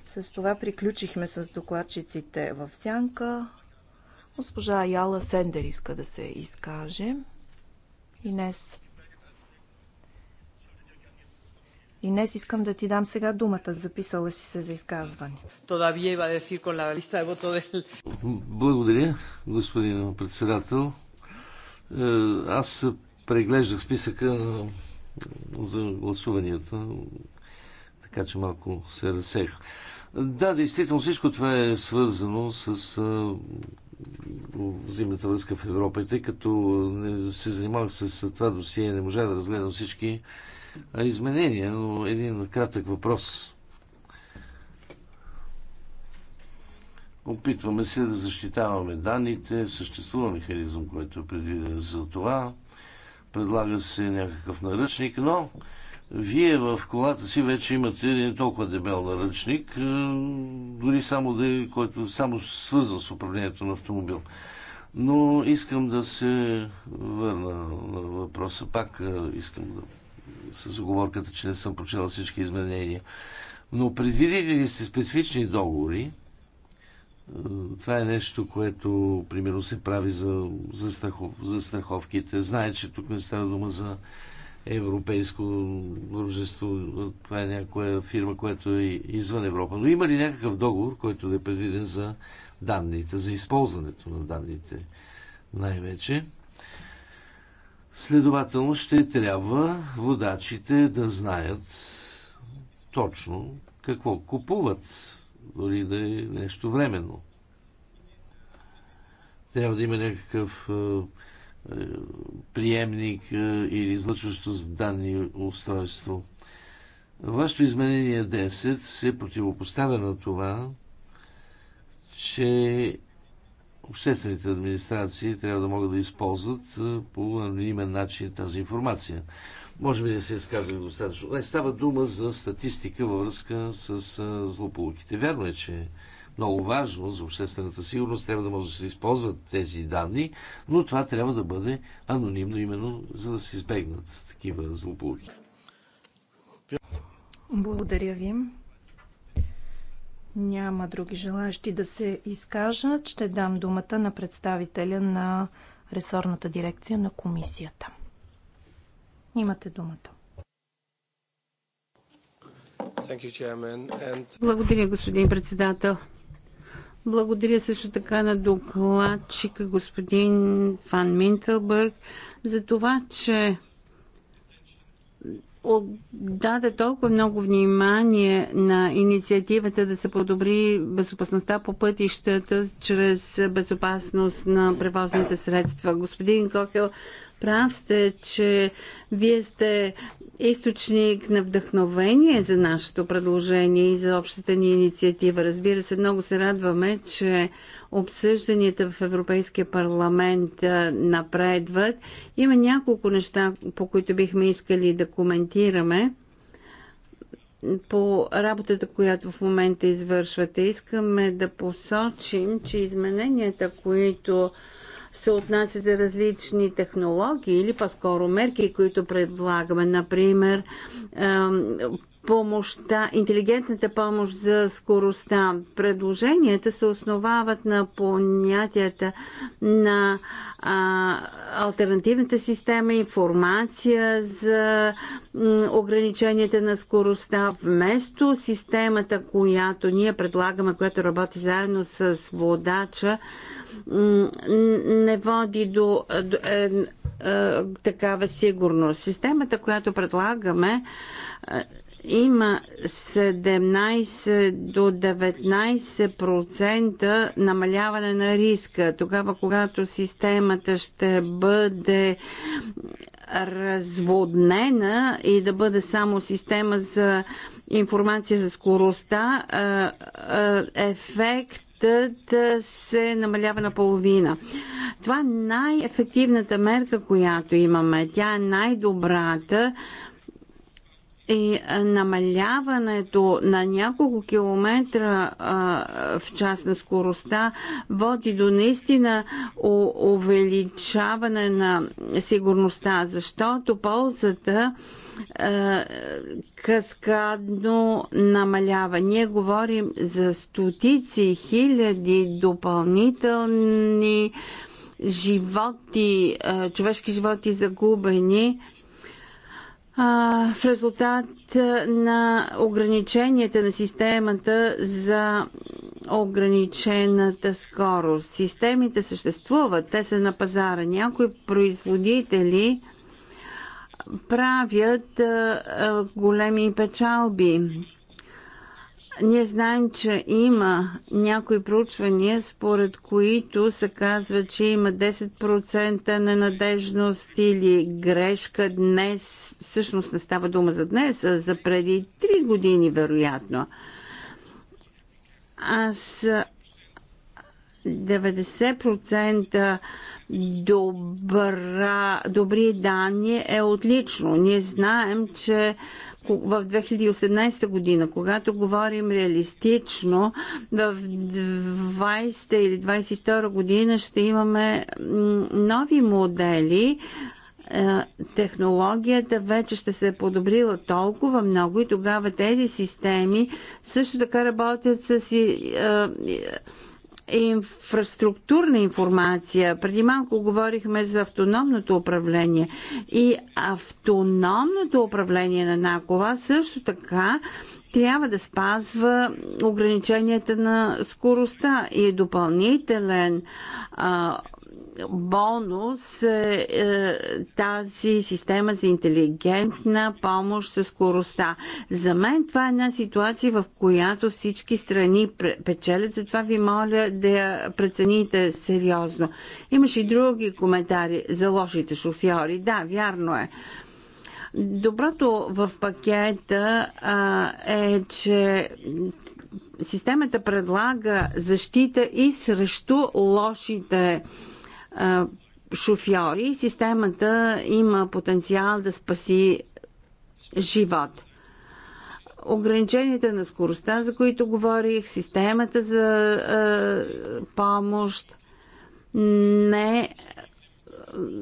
S2: с това приключихме с докладчиците в сянка. Госпожа Яла Сендер иска да се изкаже. Инес. Инес, искам да ти дам сега думата. Записала си се за изказване.
S3: Благодаря, господин председател. Е, аз преглеждах списъка за гласуванията, така че малко се разсех. Да, действително всичко това е свързано с взаимната връзка в Европа. И тъй като не се занимавах с това досие, не можа да разгледам всички изменения, но един кратък въпрос. Опитваме се да защитаваме данните, съществува механизъм, който е предвиден за това предлага се някакъв наръчник, но вие в колата си вече имате един толкова дебел наръчник, е, дори само да е, който само свързан с управлението на автомобил. Но искам да се върна на въпроса. Пак е, искам да с оговорката, че не съм прочел всички изменения. Но предвидили ли сте специфични договори, това е нещо, което примерно се прави за, за, страхов, за страховките. Знае, че тук не става дума за европейско дружество. Това е някоя фирма, която е извън Европа. Но има ли някакъв договор, който да е предвиден за данните, за използването на данните най-вече? Следователно ще трябва водачите да знаят точно какво купуват дори да е нещо временно. Трябва да има някакъв е, е, приемник е, или излъчващо с данни устройство. Вашето изменение 10 се противопоставя на това, че обществените администрации трябва да могат да използват по анонимен начин тази информация. Може би не се изказах е достатъчно. Не, става дума за статистика във връзка с злополуките. Вярно е, че много важно за обществената сигурност, трябва да може да се използват тези данни, но това трябва да бъде анонимно именно, за да се избегнат такива злополуки.
S2: Благодаря ви. Няма други желаящи да се изкажат. Ще дам думата на представителя на ресорната дирекция на комисията. Имате думата.
S4: Благодаря, господин председател. Благодаря също така на докладчика господин Фан Минтълбърг за това, че даде толкова много внимание на инициативата да се подобри безопасността по пътищата чрез безопасност на превозните средства. Господин Кокел Прав сте, че вие сте източник на вдъхновение за нашето предложение и за общата ни инициатива. Разбира се, много се радваме, че обсъжданията в Европейския парламент напредват. Има няколко неща, по които бихме искали да коментираме по работата, която в момента извършвате. Искаме да посочим, че измененията, които се отнасят различни технологии или по-скоро мерки, които предлагаме. Например, помощта, интелигентната помощ за скоростта. Предложенията се основават на понятията на а, альтернативната система, информация за ограниченията на скоростта, вместо системата, която ние предлагаме, която работи заедно с водача не води до е, е, такава сигурност. Системата, която предлагаме, е, има 17 до 19% намаляване на риска. Тогава, когато системата ще бъде разводнена и да бъде само система за информация за скоростта, ефект бюджетът се намалява на половина. Това е най-ефективната мерка, която имаме. Тя е най-добрата, и намаляването на няколко километра а, в част на скоростта води до наистина увеличаване на сигурността, защото ползата е, каскадно намалява. Ние говорим за стотици хиляди допълнителни животи, е, човешки животи загубени е, в резултат на ограниченията на системата за ограничената скорост. Системите съществуват, те са на пазара. Някои производители правят големи печалби. Ние знаем, че има някои проучвания, според които се казва, че има 10% ненадежност или грешка днес. Всъщност не става дума за днес, а за преди 3 години, вероятно. Аз 90% добра, добри данни е отлично. Ние знаем, че в 2018 година, когато говорим реалистично, в 20 или 22 година ще имаме нови модели, е, технологията вече ще се е подобрила толкова много и тогава тези системи също така работят с е, инфраструктурна информация. Преди малко говорихме за автономното управление и автономното управление на една кола също така трябва да спазва ограниченията на скоростта и е допълнителен а, бонус е, е тази система за интелигентна помощ с скоростта. За мен това е една ситуация, в която всички страни печелят, затова ви моля да я прецените сериозно. Имаше и други коментари за лошите шофьори. Да, вярно е. Доброто в пакета а, е, че системата предлага защита и срещу лошите шофьори, системата има потенциал да спаси живот. Ограниченията на скоростта, за които говорих, системата за а, помощ, не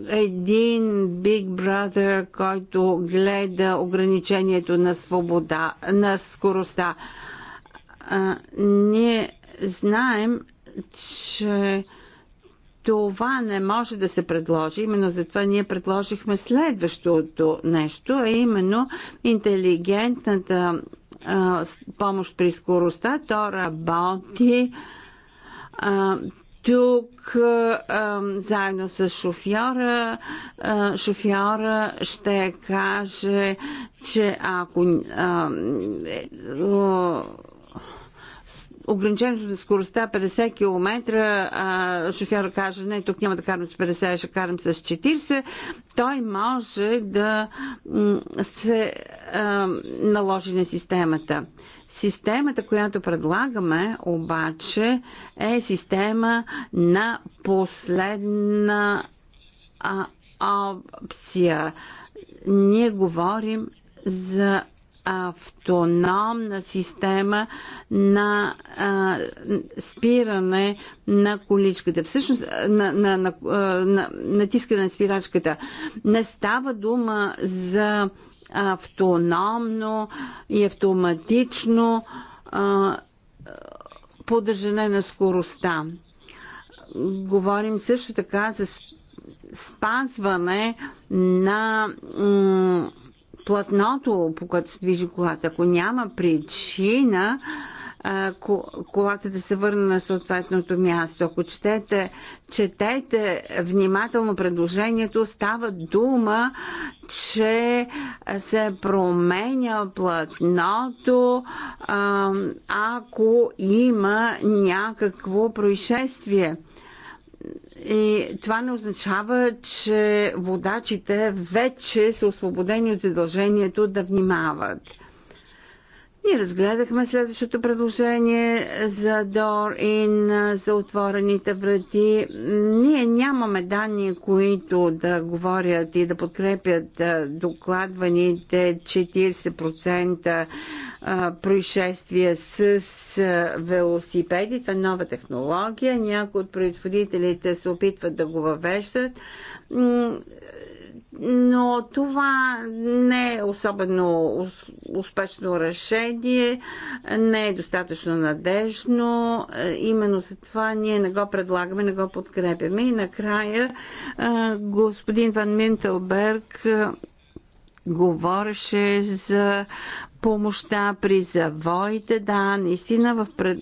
S4: един Big Brother, който гледа ограничението на свобода, на скоростта. А, ние знаем, че това не може да се предложи. Именно затова ние предложихме следващото нещо, а именно интелигентната а, помощ при скоростта. То работи. А, тук а, заедно с шофьора, а, шофьора ще каже, че ако а, е, ограничението на скоростта 50 е км, а, шофьор каже, не, тук няма да карам с 50, ще карам с 40, той може да се а, наложи на системата. Системата, която предлагаме, обаче, е система на последна а, опция. Ние говорим за автономна система на а, спиране на количката, всъщност на, на, на, на натискане на спирачката. Не става дума за автономно и автоматично а, поддържане на скоростта. Говорим също така за спазване на платното, по което се движи колата. Ако няма причина, колата да се върне на съответното място. Ако четете, четете внимателно предложението, става дума, че се променя платното, ако има някакво происшествие. И това не означава, че водачите вече са освободени от задължението да внимават. Ние разгледахме следващото предложение за door in, за отворените врати. Ние нямаме данни, които да говорят и да подкрепят докладваните 40% происшествия с а, велосипеди. Това е нова технология. Някои от производителите се опитват да го въвеждат. Но това не е особено успешно решение, не е достатъчно надежно. Именно за това ние не го предлагаме, не го подкрепяме. И накрая господин Ван Минтелберг говореше за помощта при завоите. Да, наистина в пред...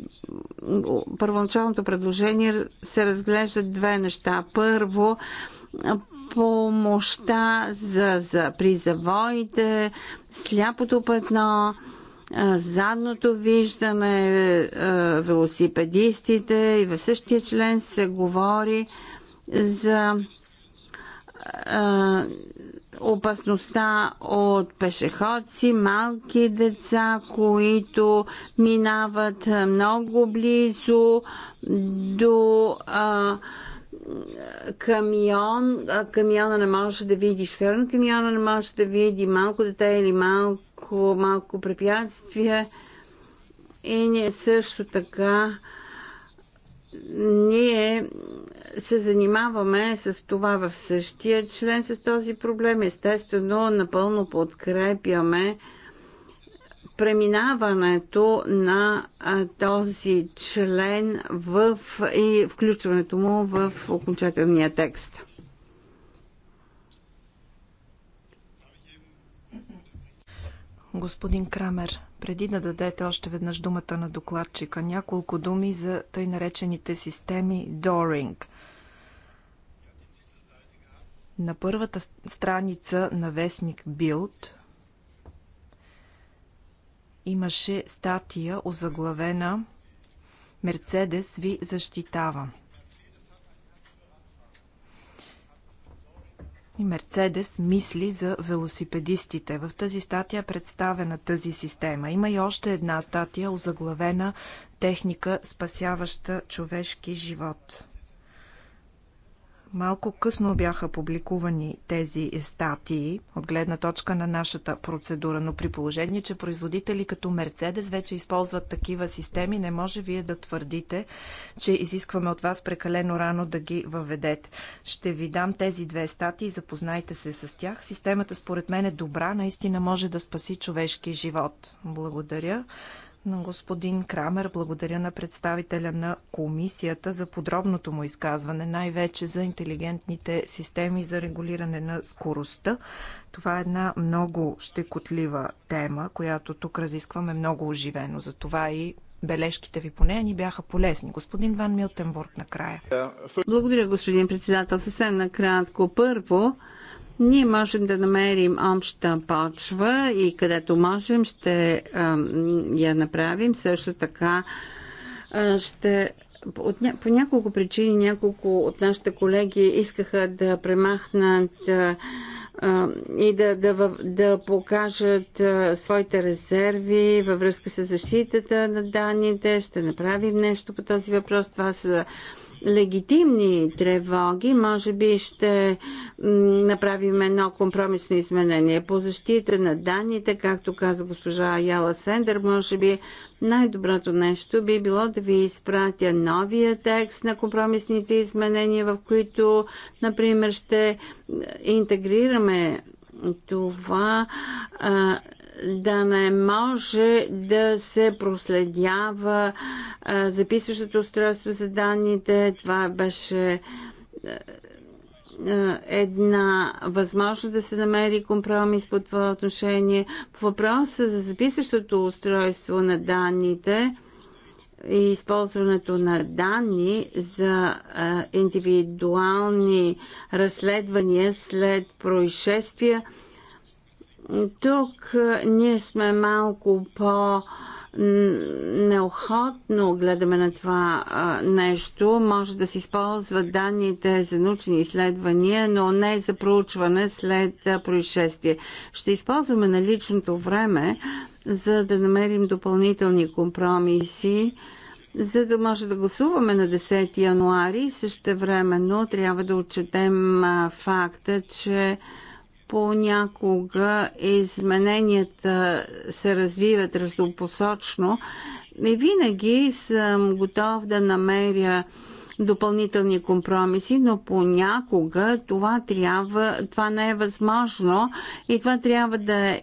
S4: първоначалното предложение се разглеждат две неща. Първо, помощта за, за, при завоите, сляпото петно, задното виждане, велосипедистите и в същия член се говори за опасността от пешеходци, малки деца, които минават много близо до а, камион. А, камиона не може да види, шофьор на камиона не може да види малко дете или малко, малко препятствие. И не също така ние се занимаваме с това в същия член с този проблем. Естествено, напълно подкрепяме преминаването на този член в, и включването му в окончателния текст.
S2: Господин Крамер, преди да дадете още веднъж думата на докладчика, няколко думи за тъй наречените системи Доринг. На първата страница на вестник Билд имаше статия озаглавена Мерцедес ви защитава. И Мерцедес мисли за велосипедистите. В тази статия е представена тази система. Има и още една статия, озаглавена Техника, спасяваща човешки живот. Малко късно бяха публикувани тези статии от гледна точка на нашата процедура, но при положение, че производители като Мерцедес вече използват такива системи, не може вие да твърдите, че изискваме от вас прекалено рано да ги въведете. Ще ви дам тези две статии, запознайте се с тях. Системата според мен е добра, наистина може да спаси човешки живот. Благодаря на господин Крамер. Благодаря на представителя на комисията за подробното му изказване, най-вече за интелигентните системи за регулиране на скоростта. Това е една много щекотлива тема, която тук разискваме много оживено. За това и бележките ви по нея ни бяха
S4: полезни. Господин Ван Милтенбург накрая. Благодаря, господин председател. Съвсем накратко. Първо, ние можем да намерим обща почва и където можем ще я направим. Също така ще от, по няколко причини няколко от нашите колеги искаха да премахнат а, и да, да, да покажат своите резерви във връзка с защитата на данните. Ще направим нещо по този въпрос. Това са легитимни тревоги, може би ще направим едно компромисно изменение по защита на данните, както каза госпожа Яла Сендер, може би най-доброто нещо би било да ви изпратя новия текст на компромисните изменения, в които, например, ще е, интегрираме това а, да не може да се проследява записващото устройство за данните. Това беше една възможност да се намери компромис по това отношение. По въпроса за записващото устройство на данните и използването на данни за индивидуални разследвания след происшествия – тук ние сме малко по- неохотно гледаме на това а, нещо. Може да се използват данните за научни изследвания, но не за проучване след а, происшествие. Ще използваме наличното време, за да намерим допълнителни компромиси, за да може да гласуваме на 10 януари. Също времено трябва да отчетем а, факта, че понякога измененията се развиват разнопосочно. И винаги съм готов да намеря допълнителни компромиси, но понякога това трябва, това не е възможно и това трябва да е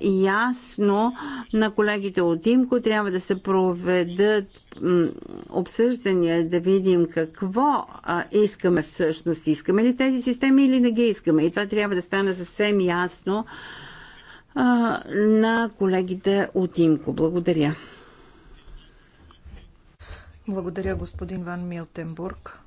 S4: ясно на колегите от Имко, трябва да се проведат обсъждания, да видим какво а, искаме всъщност. Искаме ли тези системи или не ги искаме? И това трябва да стане съвсем ясно а, на колегите от Имко. Благодаря.
S2: Благодаря, господин Ван Милтенбург.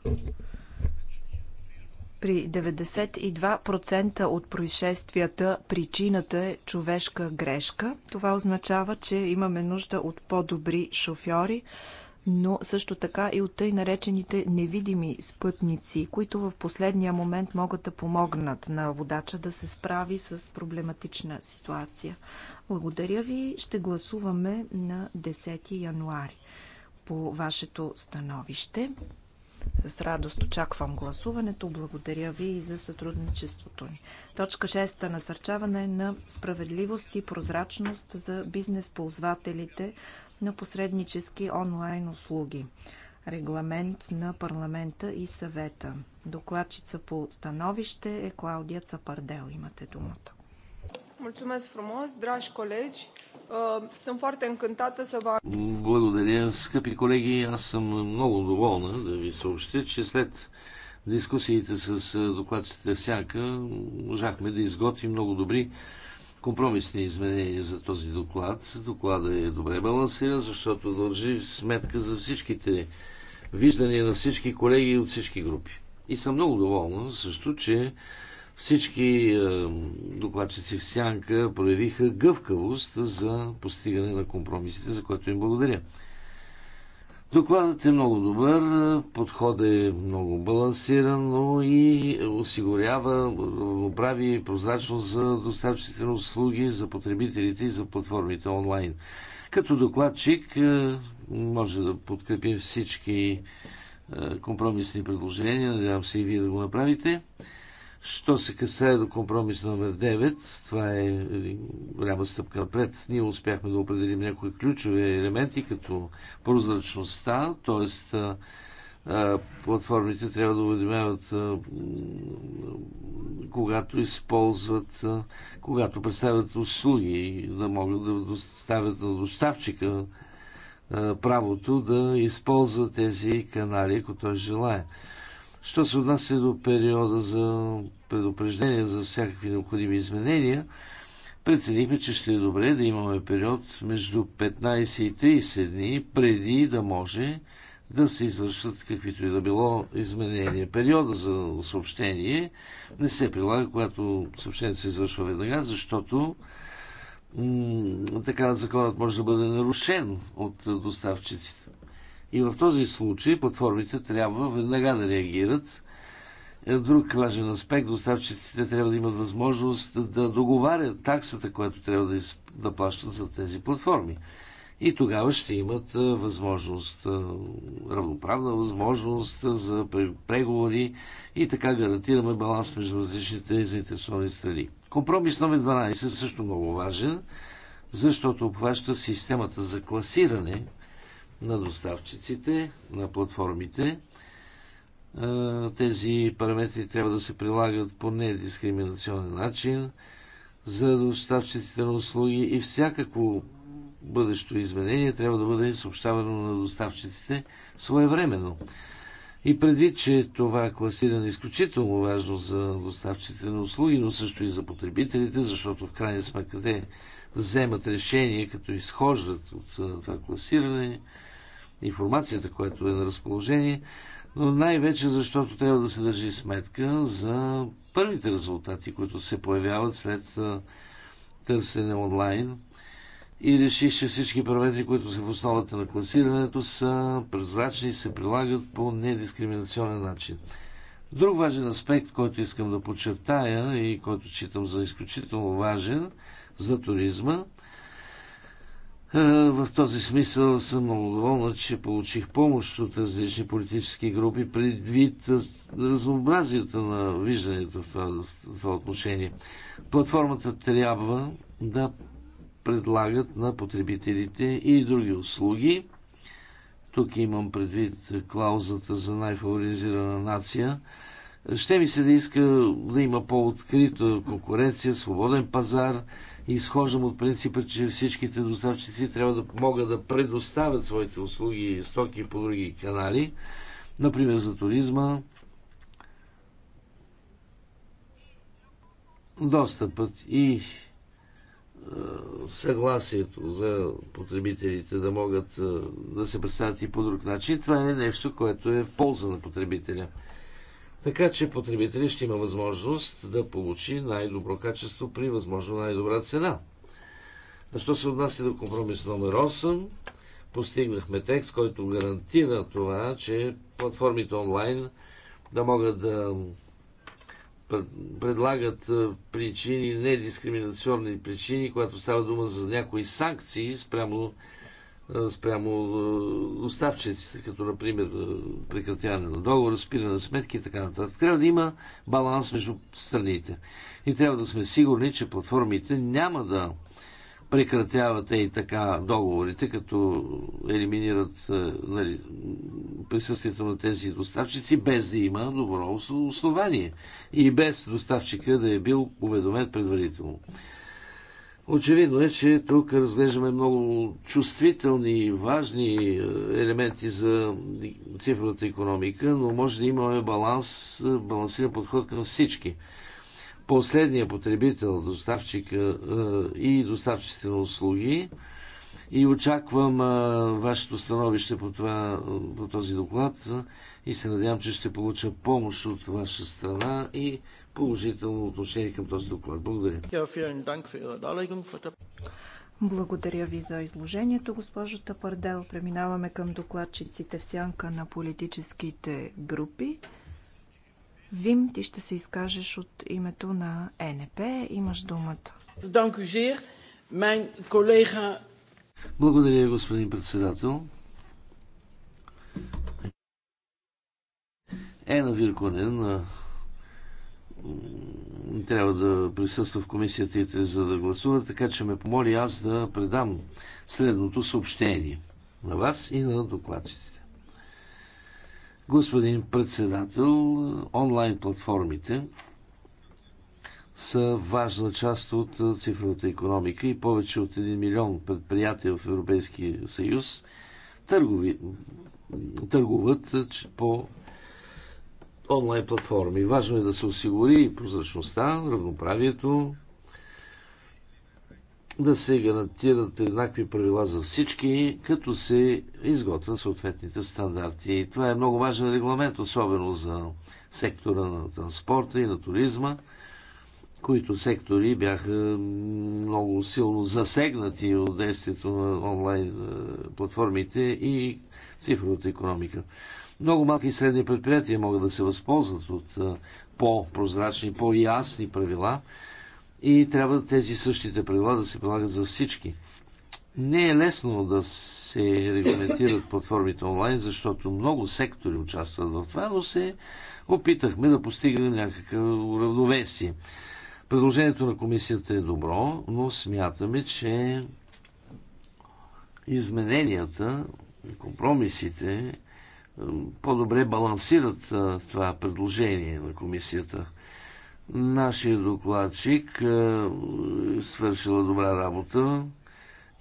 S2: При 92% от происшествията причината е човешка грешка. Това означава, че имаме нужда от по-добри шофьори, но също така и от тъй наречените невидими спътници, които в последния момент могат да помогнат на водача да се справи с проблематична ситуация. Благодаря ви. Ще гласуваме на 10 януари по вашето становище. С радост очаквам гласуването. Благодаря ви и за сътрудничеството ни. Точка 6. Насърчаване на справедливост и прозрачност за бизнес-ползвателите на посреднически онлайн услуги. Регламент на парламента и съвета. Докладчица по становище е Клаудия Цапардел. Имате думата. Mulțumesc frumos, dragi colegi. Съм uh, foarte încântată să vă...
S3: Благодаря, скъпи колеги. Аз съм много доволна да ви съобщя, че след дискусиите с е, докладчите всяка можахме да изготвим много добри компромисни изменения за този доклад. Доклада е добре балансиран, защото дължи сметка за всичките виждания на всички колеги от всички групи. И съм много доволна също, че всички е, докладчици в сянка проявиха гъвкавост за постигане на компромисите, за което им благодаря. Докладът е много добър, подходът е много балансиран, но и осигурява прави прозрачност за доставчите на услуги, за потребителите и за платформите онлайн. Като докладчик е, може да подкрепим всички е, компромисни предложения, надявам се и вие да го направите. Що се касае до компромис номер 9, това е голяма стъпка напред. Ние успяхме да определим някои ключови елементи, като прозрачността, т.е. платформите трябва да уведомяват когато използват, когато представят услуги, да могат да доставят на доставчика правото да използва тези канали, ако той желая. Що се отнася до периода за предупреждение за всякакви необходими изменения, преценихме, че ще е добре да имаме период между 15 и 30 дни преди да може да се извършват каквито и да било изменения. Периода за съобщение не се прилага, когато съобщението се извършва веднага, защото така законът може да бъде нарушен от доставчиците. И в този случай платформите трябва веднага да реагират. Е, друг важен аспект, доставчиците трябва да имат възможност да договарят таксата, която трябва да, из... да плащат за тези платформи. И тогава ще имат е, възможност, е, равноправна възможност за преговори и така гарантираме баланс между различните заинтересовани страни. Компромис номер 12 е също много важен, защото обхваща системата за класиране на доставчиците, на платформите. Тези параметри трябва да се прилагат по недискриминационен начин за доставчиците на услуги и всякакво бъдещо изменение трябва да бъде съобщавано на доставчиците своевременно. И предвид, че това е класиране е изключително важно за доставчиците на услуги, но също и за потребителите, защото в крайна сметка те вземат решение, като изхождат от това класиране, информацията, която е на разположение, но най-вече защото трябва да се държи сметка за първите резултати, които се появяват след търсене онлайн. И реших, че всички параметри, които са в основата на класирането, са прозрачни и се прилагат по недискриминационен начин. Друг важен аспект, който искам да подчертая и който читам за изключително важен за туризма – в този смисъл съм много доволна, че получих помощ от различни политически групи предвид разнообразието на виждането в това отношение. Платформата трябва да предлагат на потребителите и други услуги. Тук имам предвид клаузата за най-фаворизирана нация. Ще ми се да иска да има по-открита конкуренция, свободен пазар, изхождам от принципа, че всичките доставчици трябва да могат да предоставят своите услуги и стоки по други канали, например за туризма. Достъпът и е, съгласието за потребителите да могат е, да се представят и по друг начин, това е нещо, което е в полза на потребителя така че потребителят ще има възможност да получи най-добро качество при възможно най-добра цена. А що се отнася до компромис номер 8, постигнахме текст, който гарантира това, че платформите онлайн да могат да предлагат причини, недискриминационни причини, когато става дума за някои санкции спрямо спрямо доставчиците, като например прекратяване на договора, спиране на сметки и така нататък. Трябва да има баланс между страните. И трябва да сме сигурни, че платформите няма да прекратяват и така договорите, като елиминират нали, присъствието на тези доставчици, без да има добро основание и без доставчика да е бил уведомен предварително. Очевидно е, че тук разглеждаме много чувствителни и важни е, елементи за цифровата економика, но може да имаме баланс, е, балансиран подход към всички. Последния потребител, доставчика е, и доставчиците на услуги и очаквам вашето становище по, това, по този доклад и се надявам, че ще получа помощ от ваша страна и положително отношение към този доклад. Благодаря.
S2: Благодаря ви за изложението, госпожо Тапардел. Преминаваме към докладчиците в сянка на политическите групи. Вим, ти ще се изкажеш от името на НП. Имаш думата.
S3: Благодаря, господин председател. Ена Вирконен, трябва да присъства в комисията и за да гласува, така че ме помоли аз да предам следното съобщение на вас и на докладчиците. Господин председател, онлайн платформите са важна част от цифровата економика и повече от 1 милион предприятия в Европейския съюз търгови, търгуват по онлайн платформи. Важно е да се осигури прозрачността, равноправието, да се гарантират еднакви правила за всички, като се изготвят съответните стандарти. това е много важен регламент, особено за сектора на транспорта и на туризма, които сектори бяха много силно засегнати от действието на онлайн е, платформите и цифровата економика. Много малки и средни предприятия могат да се възползват от по-прозрачни, по-ясни правила и трябва тези същите правила да се прилагат за всички. Не е лесно да се регламентират платформите онлайн, защото много сектори участват в това, но се опитахме да постигнем някакъв равновесие. Предложението на комисията е добро, но смятаме, че измененията, компромисите по-добре балансират това предложение на комисията. Нашия докладчик свършила добра работа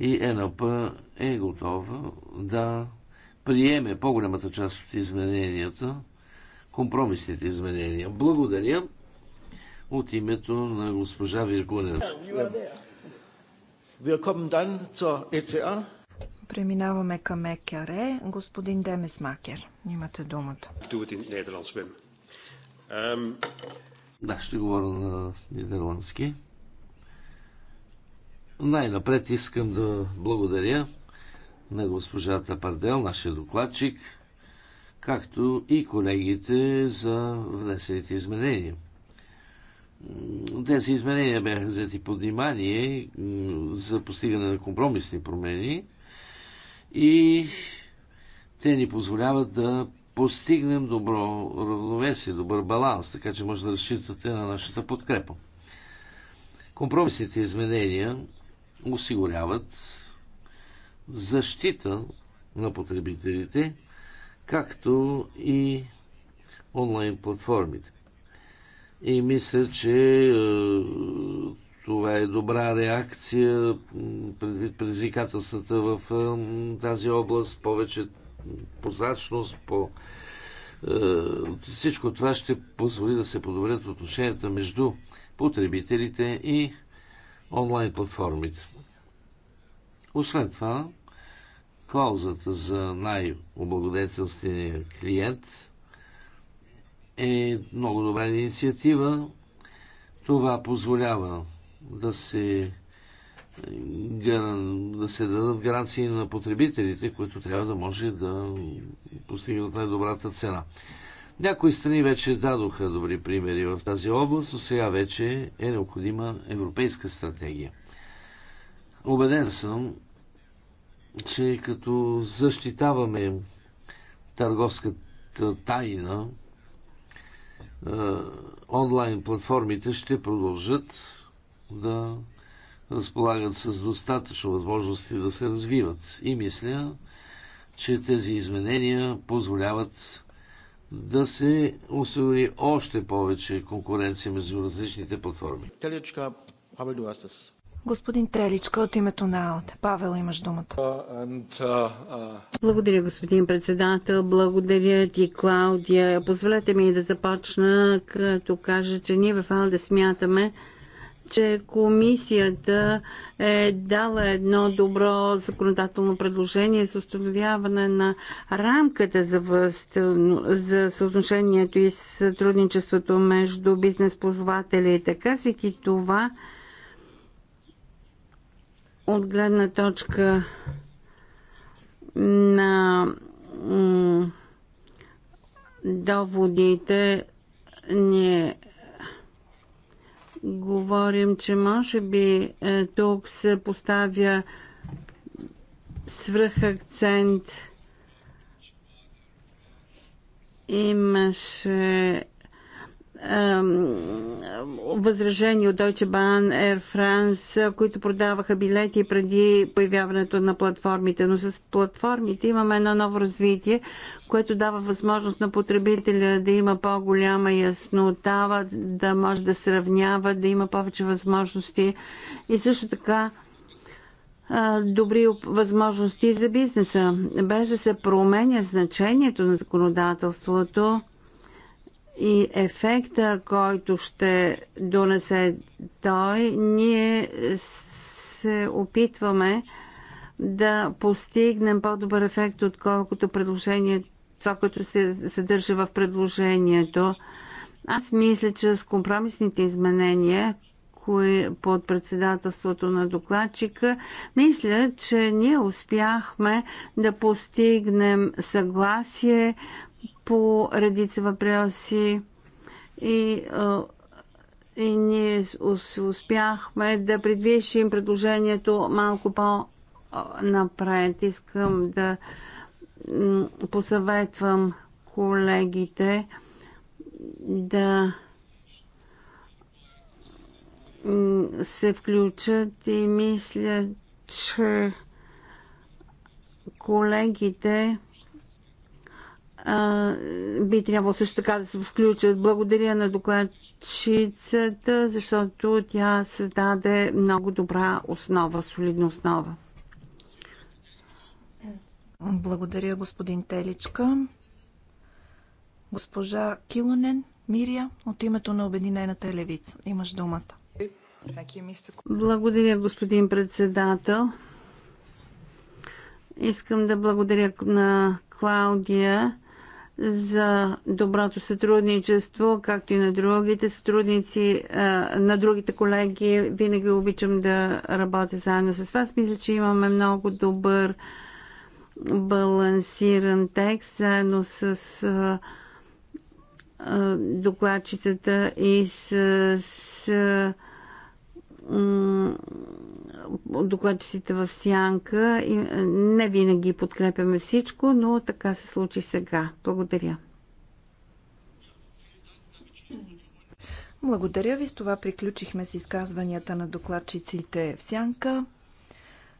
S3: и ЕНАП е готова да приеме по-голямата част от измененията, компромисните изменения. Благодаря от името на госпожа Виркунен. Wir dann zur ECR.
S2: Преминаваме към Екяре. Господин Демес Макер, имате думата.
S3: Ehm, да, ще говоря на нидерландски. Най-напред искам да благодаря на госпожата Пардел, нашия докладчик, както и колегите за внесените изменения. Тези изменения бяха взети под внимание за постигане на компромисни промени – и те ни позволяват да постигнем добро равновесие, добър баланс, така че може да разчитате на нашата подкрепа. Компромисните изменения осигуряват защита на потребителите, както и онлайн платформите. И мисля, че е, това е добра реакция предвид предизвикателствата в е, тази област, повече прозрачност, по е, всичко това ще позволи да се подобрят отношенията между потребителите и онлайн платформите. Освен това, клаузата за най-облагодетелствения клиент е много добра инициатива. Това позволява да се да се дадат гаранции на потребителите, които трябва да може да постигнат най-добрата цена. Някои страни вече дадоха добри примери в тази област, но сега вече е необходима европейска стратегия. Обеден съм, че като защитаваме търговската тайна, е, онлайн платформите ще продължат да разполагат с достатъчно възможности да се развиват. И мисля, че тези изменения позволяват да се осигури още повече конкуренция между различните платформи.
S2: Господин Треличка, от името на АОТ. Павел, имаш
S1: думата.
S4: Благодаря, господин председател. Благодаря ти, Клаудия. Позволете ми да започна, като кажа, че ние в АЛДЕ смятаме, че комисията е дала едно добро законодателно предложение с установяване на рамката за, въст, за съотношението и сътрудничеството между бизнес-позвателите. Казвайки това, от гледна точка на доводите ние говорим, че може би е, тук се поставя свръхакцент. Имаше възражения от Deutsche Bahn, Air France, които продаваха билети преди появяването на платформите. Но с платформите имаме едно ново развитие, което дава възможност на потребителя да има по-голяма яснота, да може да сравнява, да има повече възможности и също така добри възможности за бизнеса, без да се променя значението на законодателството и ефекта, който ще донесе той, ние се опитваме да постигнем по-добър ефект, отколкото предложението, това, което се съдържа в предложението. Аз мисля, че с компромисните изменения, кои под председателството на докладчика, мисля, че ние успяхме да постигнем съгласие по редица въпроси и, и ние успяхме да предвишим предложението малко по-напред. Искам да посъветвам колегите да се включат и мисля, че колегите би трябвало също така да се включат. Благодаря на докладчицата, защото тя създаде много добра основа, солидна основа. Благодаря, господин Теличка.
S2: Госпожа Килонен, Мирия, от името на Обединената левица. Имаш
S4: думата. Благодаря, господин председател. Искам да благодаря на Клаудия за доброто сътрудничество, както и на другите сътрудници, на другите колеги. Винаги обичам да работя заедно с вас. Мисля, че имаме много добър балансиран текст, заедно с докладчицата и с, с докладчиците в Сянка. и е, Не винаги подкрепяме всичко, но така се случи сега. Благодаря.
S2: Благодаря ви. С това приключихме с изказванията на докладчиците в Сянка.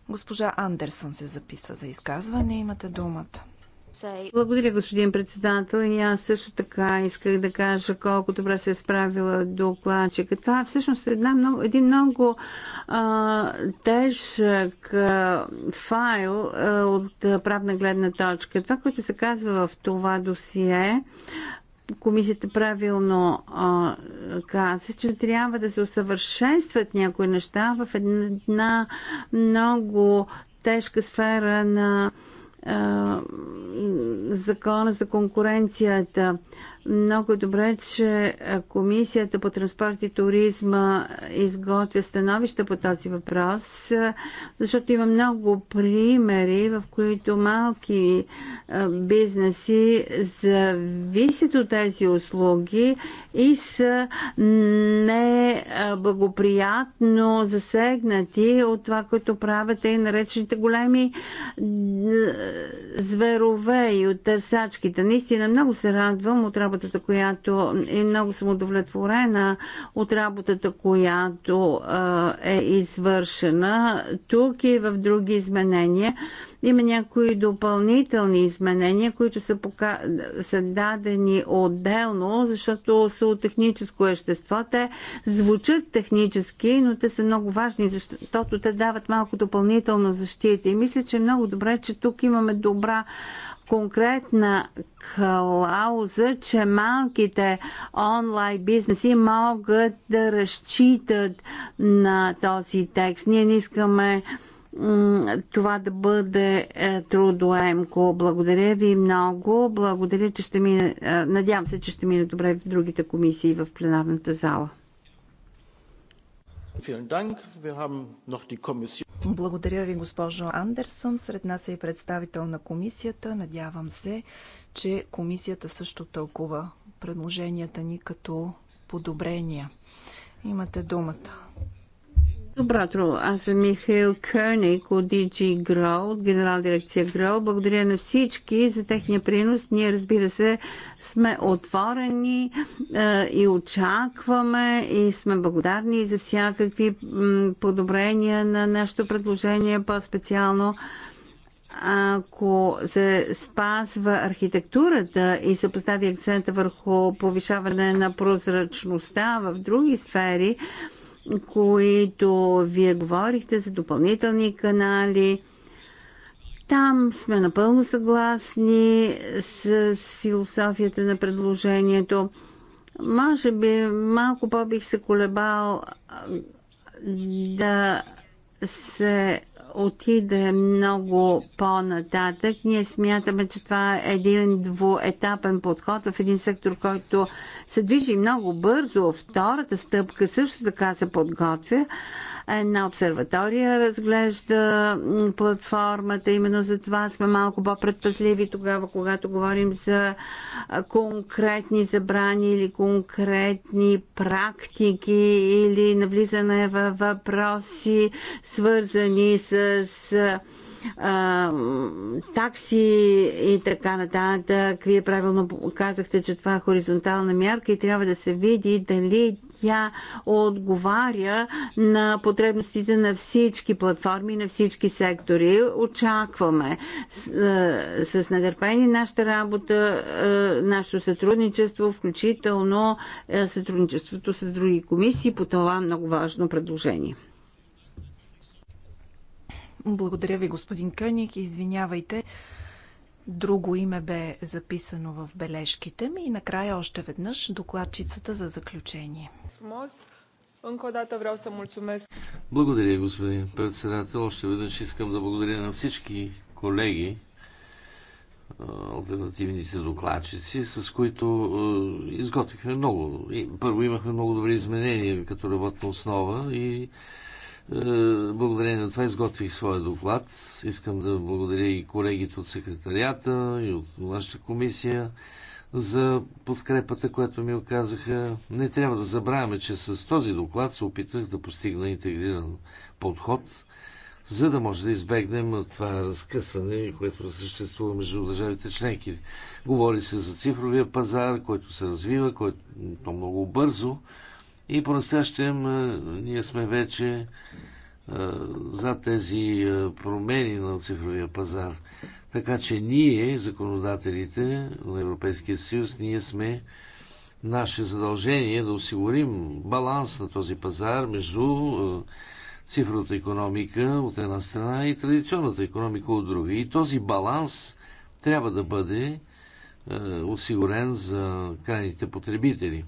S2: Госпожа Андерсон се записа за изказване. Имате думата.
S4: Благодаря, господин председател. И аз също така исках да кажа колко добре се е справила докладчика. Това всъщност е една много, един много а, тежък а, файл а, от правна гледна точка. Това, което се казва в това досие, комисията правилно а, каза, че трябва да се усъвършенстват някои неща в една много тежка сфера на закона за конкуренцията. Много е добре, че Комисията по транспорт и туризма изготвя становища по този въпрос, защото има много примери, в които малки бизнеси зависят от тези услуги и са неблагоприятно засегнати от това, което правят и наречените големи зверове и от търсачките. Наистина много се радвам от работа работата, която и много съм удовлетворена от работата, която е извършена тук и в други изменения. Има някои допълнителни изменения, които са, пока... са дадени отделно, защото са от техническо ещество. Те звучат технически, но те са много важни, защото те дават малко допълнителна защита. И мисля, че е много добре, че тук имаме добра конкретна клауза, че малките онлайн бизнеси могат да разчитат на този текст. Ние не искаме това да бъде е, трудоемко. Благодаря ви много. Благодаря, че ще мине. Е, надявам се, че ще мине добре в другите комисии в пленарната зала. Благодаря
S1: ви, госпожо
S2: Андерсон. Сред нас е и представител на комисията. Надявам се, че комисията също тълкува предложенията ни като подобрения. Имате думата.
S4: Добро Аз съм Михаил Кърник от DG Grow, от Генерал дирекция Grow. Благодаря на всички за техния принос. Ние, разбира се, сме отворени е, и очакваме и сме благодарни за всякакви подобрения на нашето предложение, по-специално ако се спазва архитектурата и се постави акцента върху повишаване на прозрачността в други сфери, които вие говорихте за допълнителни канали. Там сме напълно съгласни с, философията на предложението. Може би малко по-бих се колебал да се отиде много по-нататък. Ние смятаме, че това е един двуетапен подход в един сектор, който се движи много бързо. Втората стъпка също така се подготвя. Една обсерватория разглежда платформата. Именно за това сме малко по-предпазливи тогава, когато говорим за конкретни забрани или конкретни практики или навлизане в въпроси, свързани с с а, такси и така нататък. Вие правилно казахте, че това е хоризонтална мярка и трябва да се види дали тя отговаря на потребностите на всички платформи, на всички сектори. Очакваме с, с нетърпение нашата работа, нашето сътрудничество, включително сътрудничеството с други комисии по това много важно предложение.
S2: Благодаря ви, господин Къник. Извинявайте. Друго име бе записано в бележките ми и накрая още веднъж докладчицата за заключение.
S3: Благодаря, господин председател. Още веднъж искам да благодаря на всички колеги, альтернативните докладчици, с които изготвихме много. Първо имахме много добри изменения като работна основа и е, благодарение на това изготвих своя доклад. Искам да благодаря и колегите от секретарията и от нашата комисия за подкрепата, която ми оказаха. Не трябва да забравяме, че с този доклад се опитах да постигна интегриран подход, за да може да избегнем това разкъсване, което съществува между държавите членки. Говори се за цифровия пазар, който се развива, който то много бързо, и по-настоящем ние сме вече за тези промени на цифровия пазар. Така че ние, законодателите на Европейския съюз, ние сме наше задължение да осигурим баланс на този пазар между цифровата економика от една страна и традиционната економика от друга. И този баланс трябва да бъде осигурен за крайните потребители.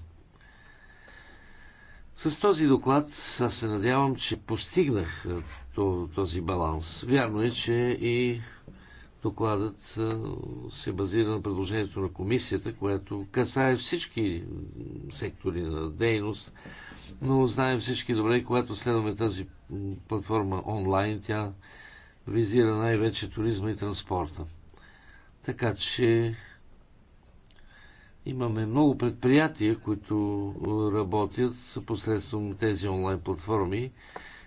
S3: С този доклад аз се надявам, че постигнах е, този баланс. Вярно е, че и докладът е, се базира на предложението на комисията, което касае всички сектори на дейност, но знаем всички добре, когато следваме тази платформа онлайн, тя визира най-вече туризма и транспорта. Така че Имаме много предприятия, които работят посредством тези онлайн платформи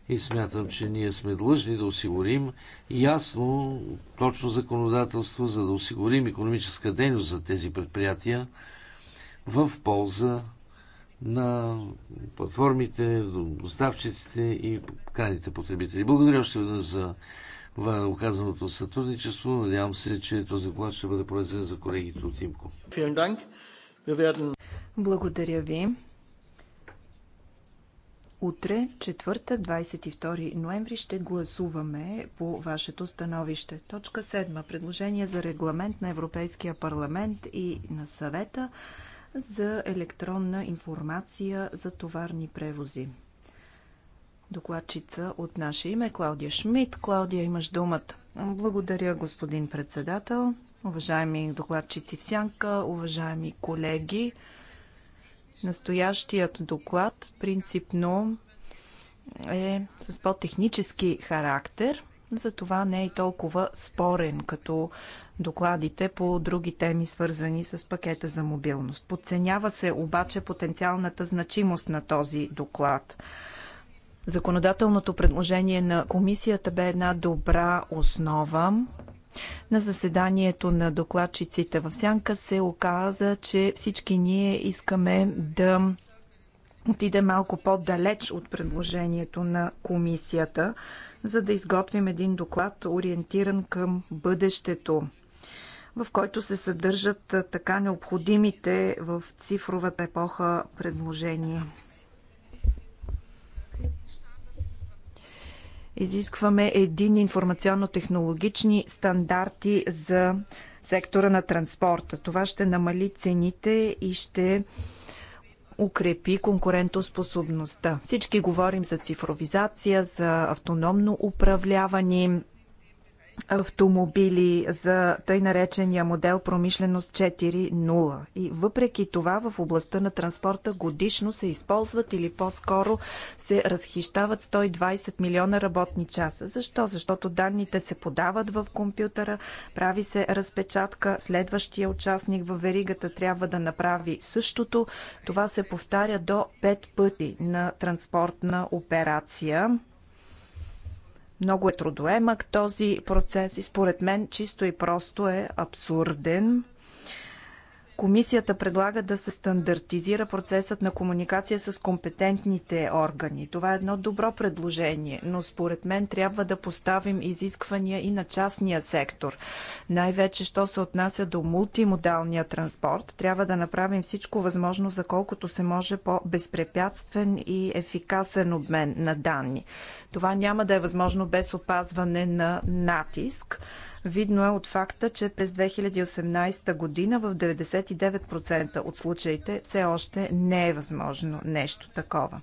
S3: и смятам, че ние сме длъжни да осигурим ясно, точно законодателство, за да осигурим економическа дейност за тези предприятия в полза на платформите, доставчиците и крайните потребители. Благодаря още веднъж за оказаното сътрудничество. Надявам се, че този доклад ще бъде полезен за колегите от Имко.
S1: Благодаря ви.
S2: Утре, четвъртък, 22 ноември, ще гласуваме по вашето становище. Точка 7. Предложение за регламент на Европейския парламент и на съвета за електронна информация за товарни превози. Докладчица от наше име е Клаудия Шмидт. Клаудия, имаш думата. Благодаря, господин председател уважаеми докладчици в сянка, уважаеми колеги. Настоящият доклад принципно е с по-технически характер, затова не е и толкова спорен като докладите по други теми, свързани с пакета за мобилност. Подценява се обаче потенциалната значимост на този доклад. Законодателното предложение на комисията бе една добра основа, на заседанието на докладчиците в Сянка се оказа, че всички ние искаме да отиде малко по-далеч от предложението на комисията, за да изготвим един доклад, ориентиран към бъдещето в който се съдържат така необходимите в цифровата епоха предложения. Изискваме един информационно-технологични стандарти за сектора на транспорта. Това ще намали цените и ще укрепи конкурентоспособността. Всички говорим за цифровизация, за автономно управляване, автомобили за тъй наречения модел промишленост 4.0. И въпреки това в областта на транспорта годишно се използват или по-скоро се разхищават 120 милиона работни часа. Защо? Защото данните се подават в компютъра, прави се разпечатка, следващия участник в веригата трябва да направи същото. Това се повтаря до 5 пъти на транспортна операция много е трудоемък този процес и според мен чисто и просто е абсурден Комисията предлага да се стандартизира процесът на комуникация с компетентните органи. Това е едно добро предложение, но според мен трябва да поставим изисквания и на частния сектор. Най-вече, що се отнася до мултимодалния транспорт, трябва да направим всичко възможно за колкото се може по-безпрепятствен и ефикасен обмен на данни. Това няма да е възможно без опазване на натиск. Видно е от факта, че през 2018 година в 99% от случаите все още не е възможно нещо такова.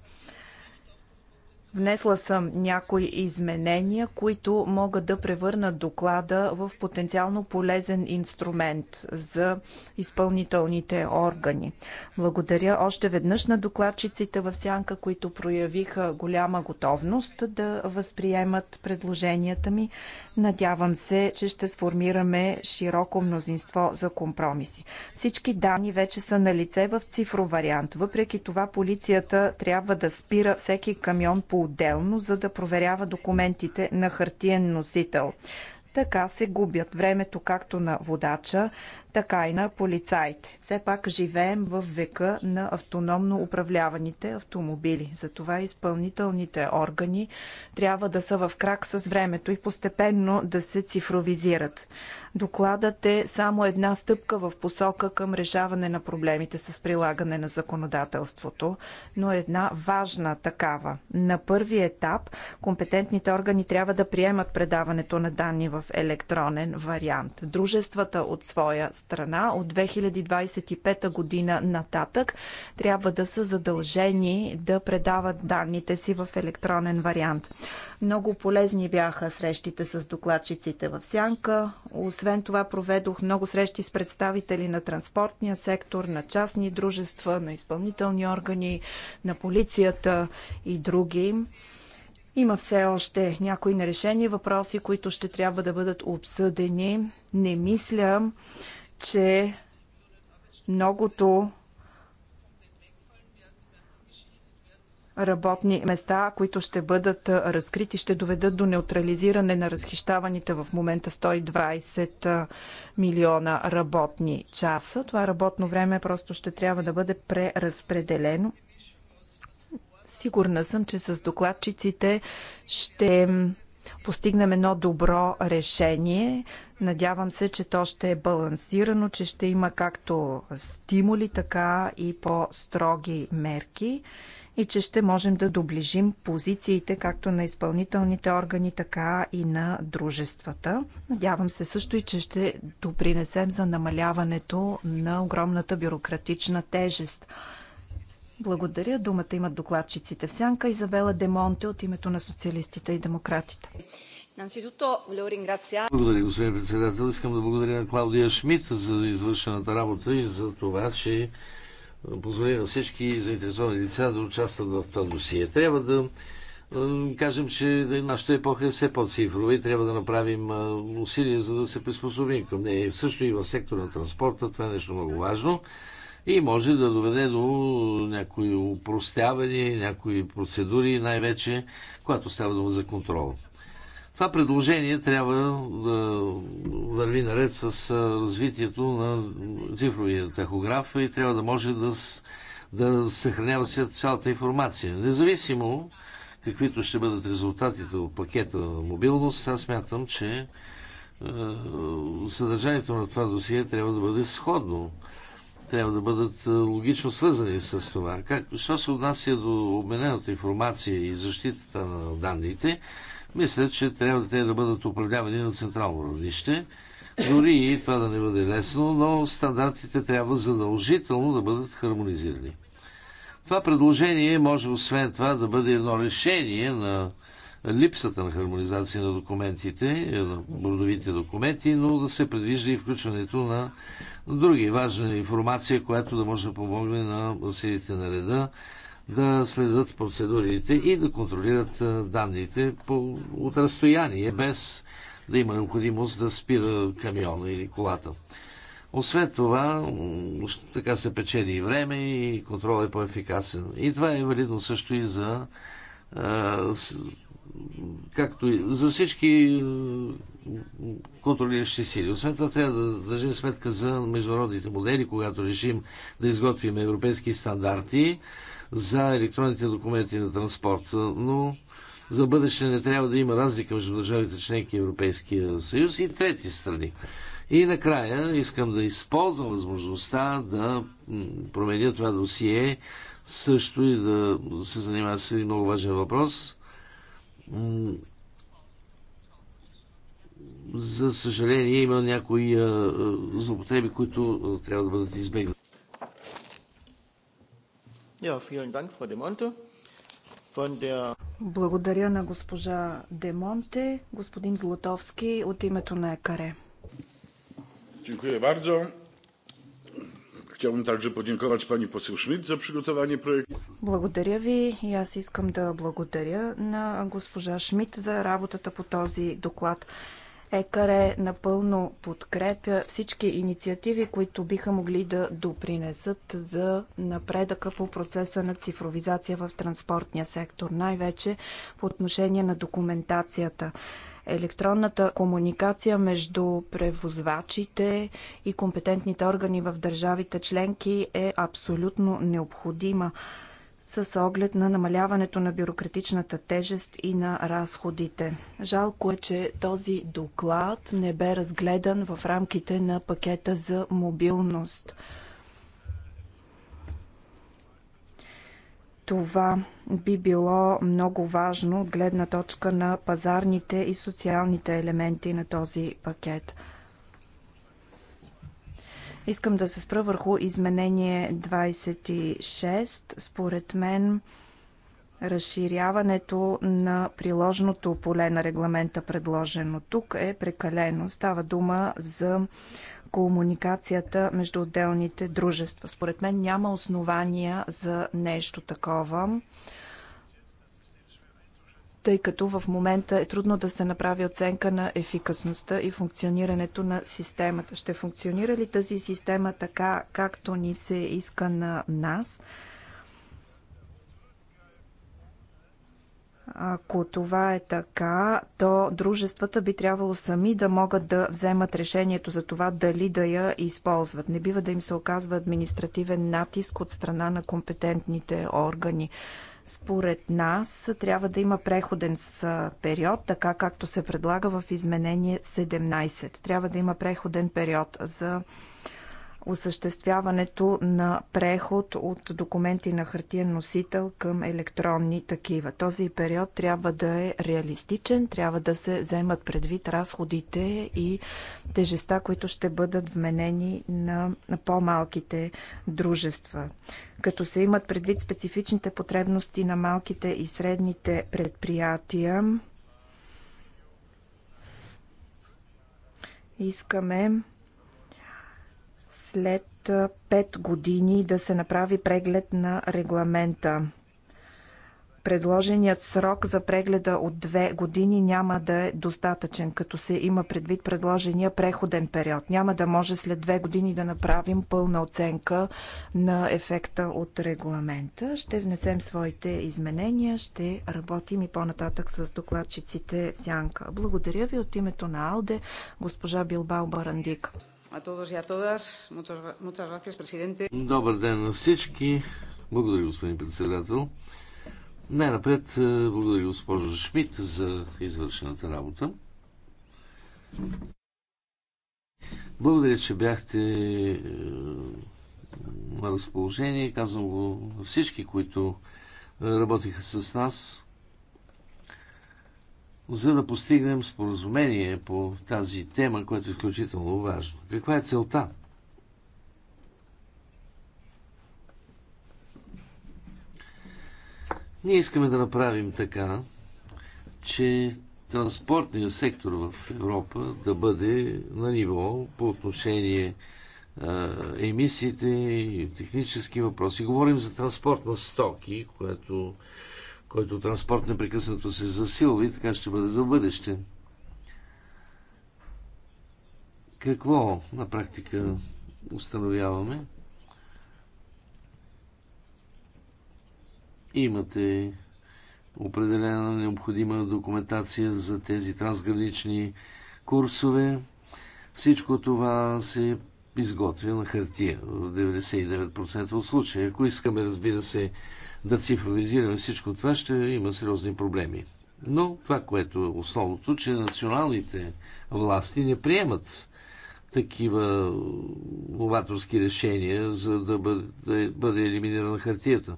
S2: Внесла съм някои изменения, които могат да превърнат доклада в потенциално полезен инструмент за изпълнителните органи. Благодаря още веднъж на докладчиците в Сянка, които проявиха голяма готовност да възприемат предложенията ми. Надявам се, че ще сформираме широко мнозинство за компромиси. Всички данни вече са на лице в цифров вариант. Въпреки това полицията трябва да спира всеки камион по отделно, за да проверява документите на хартиен носител. Така се губят времето както на водача, така и на полицаите. Все пак живеем в века на автономно управляваните автомобили. Затова изпълнителните органи трябва да са в крак с времето и постепенно да се цифровизират. Докладът е само една стъпка в посока към решаване на проблемите с прилагане на законодателството, но една важна такава. На първи етап компетентните органи трябва да приемат предаването на данни в електронен вариант. Дружествата от своя страна от 2025 година нататък трябва да са задължени да предават данните си в електронен вариант. Много полезни бяха срещите с докладчиците в Сянка. Освен това проведох много срещи с представители на транспортния сектор, на частни дружества, на изпълнителни органи, на полицията и други. Има все още някои нерешени въпроси, които ще трябва да бъдат обсъдени. Не мисля, че многото работни места, които ще бъдат разкрити, ще доведат до неутрализиране на разхищаваните в момента 120 милиона работни часа. Това работно време просто ще трябва да бъде преразпределено. Сигурна съм, че с докладчиците ще постигнем едно добро решение. Надявам се, че то ще е балансирано, че ще има както стимули, така и по-строги мерки и че ще можем да доближим позициите както на изпълнителните органи, така и на дружествата. Надявам се също и, че ще допринесем за намаляването на огромната бюрократична тежест – благодаря. Думата имат докладчиците в сянка. Изабела Демонте от името на социалистите и демократите.
S4: Благодаря,
S3: господин председател. Искам да благодаря на Клаудия Шмидт за извършената работа и за това, че позволи на всички заинтересовани лица да участват в това досие. Трябва да кажем, че нашата епоха е все по-цифрова и трябва да направим усилия, за да се приспособим към нея. Също и в сектора на транспорта това е нещо много важно и може да доведе до някои упростяване, някои процедури, най-вече когато става дума за контрол. Това предложение трябва да върви наред с развитието на цифровия тахограф и трябва да може да, да съхранява се цялата информация. Независимо каквито ще бъдат резултатите от пакета мобилност, аз смятам, че съдържанието на това досие трябва да бъде сходно трябва да бъдат е, логично свързани с това. Как, що се отнася до обменената информация и защитата на данните, мисля, че трябва да те да бъдат управлявани на централно равнище. Дори и това да не бъде лесно, но стандартите трябва задължително да бъдат хармонизирани. Това предложение може освен това да бъде едно решение на липсата на хармонизация на документите, на бордовите документи, но да се предвижда и включването на други важна е информация, която да може да помогне на силите на реда да следят процедурите и да контролират данните по, от разстояние, без да има необходимост да спира камиона или колата. Освен това, така се печели и време и контролът е по-ефикасен. И това е валидно също и за както и за всички е, контролиращи сили. Освен това трябва да държим сметка за международните модели, когато решим да изготвим европейски стандарти за електронните документи на транспорт. Но за бъдеще не трябва да има разлика между държавите членки Европейския съюз и трети страни. И накрая искам да използвам възможността да променя това досие също и да се занимава с един много важен въпрос за съжаление има някои злопотреби, които трябва да бъдат избегнати.
S2: Благодаря на госпожа Демонте, господин Златовски от името на ЕКАРЕ.
S1: Благодаря. Chciałbym także podziękować pani poseł Schmidt за przygotowanie projektu.
S2: Благодаря ви и аз искам да благодаря на госпожа Шмидт за работата по този доклад. ЕКАРЕ напълно подкрепя всички инициативи, които биха могли да допринесат за напредъка по процеса на цифровизация в транспортния сектор, най-вече по отношение на документацията електронната комуникация между превозвачите и компетентните органи в държавите членки е абсолютно необходима с оглед на намаляването на бюрократичната тежест и на разходите. Жалко е, че този доклад не бе разгледан в рамките на пакета за мобилност. Това би било много важно от гледна точка на пазарните и социалните елементи на този пакет. Искам да се спра върху изменение 26. Според мен разширяването на приложното поле на регламента, предложено тук, е прекалено. Става дума за комуникацията между отделните дружества. Според мен няма основания за нещо такова, тъй като в момента е трудно да се направи оценка на ефикасността и функционирането на системата. Ще функционира ли тази система така, както ни се иска на нас? Ако това е така, то дружествата би трябвало сами да могат да вземат решението за това дали да я използват. Не бива да им се оказва административен натиск от страна на компетентните органи. Според нас трябва да има преходен период, така както се предлага в изменение 17. Трябва да има преходен период за осъществяването на преход от документи на хартиен носител към електронни такива. Този период трябва да е реалистичен, трябва да се вземат предвид разходите и тежеста, които ще бъдат вменени на, по-малките дружества. Като се имат предвид специфичните потребности на малките и средните предприятия, искаме след 5 години да се направи преглед на регламента. Предложеният срок за прегледа от 2 години няма да е достатъчен, като се има предвид предложения преходен период. Няма да може след 2 години да направим пълна оценка на ефекта от регламента. Ще внесем своите изменения, ще работим и по-нататък с докладчиците Сянка. Благодаря ви от името на Алде, госпожа Билбао Барандик.
S3: Добър ден на всички. Благодаря, господин председател. Най-напред е, благодаря госпожо Шмидт за извършената работа. Благодаря, че бяхте е, на разположение. Казвам го на всички, които работиха с нас за да постигнем споразумение по тази тема, което е изключително важно. Каква е целта? Ние искаме да направим така, че транспортният сектор в Европа да бъде на ниво по отношение емисиите и технически въпроси. Говорим за транспорт на стоки, което който транспорт непрекъснато се засилва и така ще бъде за бъдеще. Какво на практика установяваме? Имате определена необходима документация за тези трансгранични курсове. Всичко това се изготвя на хартия в 99% от случая. Ако искаме, разбира се, да цифровизираме всичко това, ще има сериозни проблеми. Но това, което е основното, че националните власти не приемат такива новаторски решения, за да бъде, да бъде елиминирана хартията.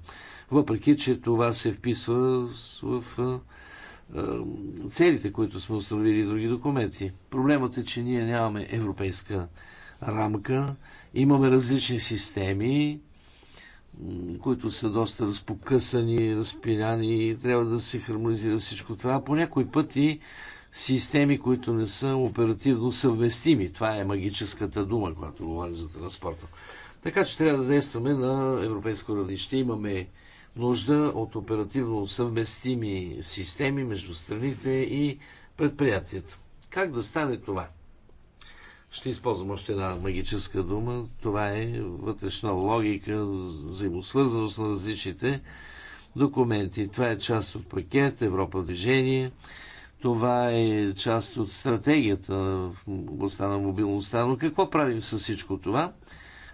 S3: Въпреки, че това се вписва в целите, които сме установили и други документи. Проблемът е, че ние нямаме европейска рамка, имаме различни системи, които са доста разпокъсани, разпиляни и трябва да се хармонизира всичко това. А по някой път и системи, които не са оперативно съвместими. Това е магическата дума, когато говорим за транспорта. Така че трябва да действаме на европейско равнище. Имаме нужда от оперативно съвместими системи между страните и предприятията. Как да стане това? Ще използвам още една магическа дума. Това е вътрешна логика, взаимосвързаност на различните документи. Това е част от пакет Европа движение. Това е част от стратегията в областта на мобилността. Но какво правим с всичко това?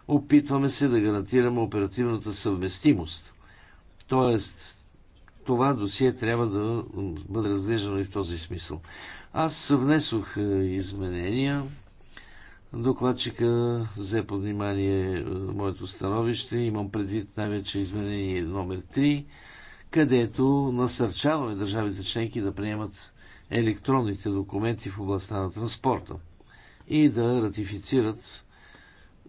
S3: Опитваме се да гарантираме оперативната съвместимост. Тоест, това досие трябва да бъде разглеждано и в този смисъл. Аз внесох е, изменения Докладчика взе под внимание е, моето становище. Имам предвид най-вече изменение номер 3, където насърчаваме държавите членки да приемат електронните документи в областта на транспорта и да ратифицират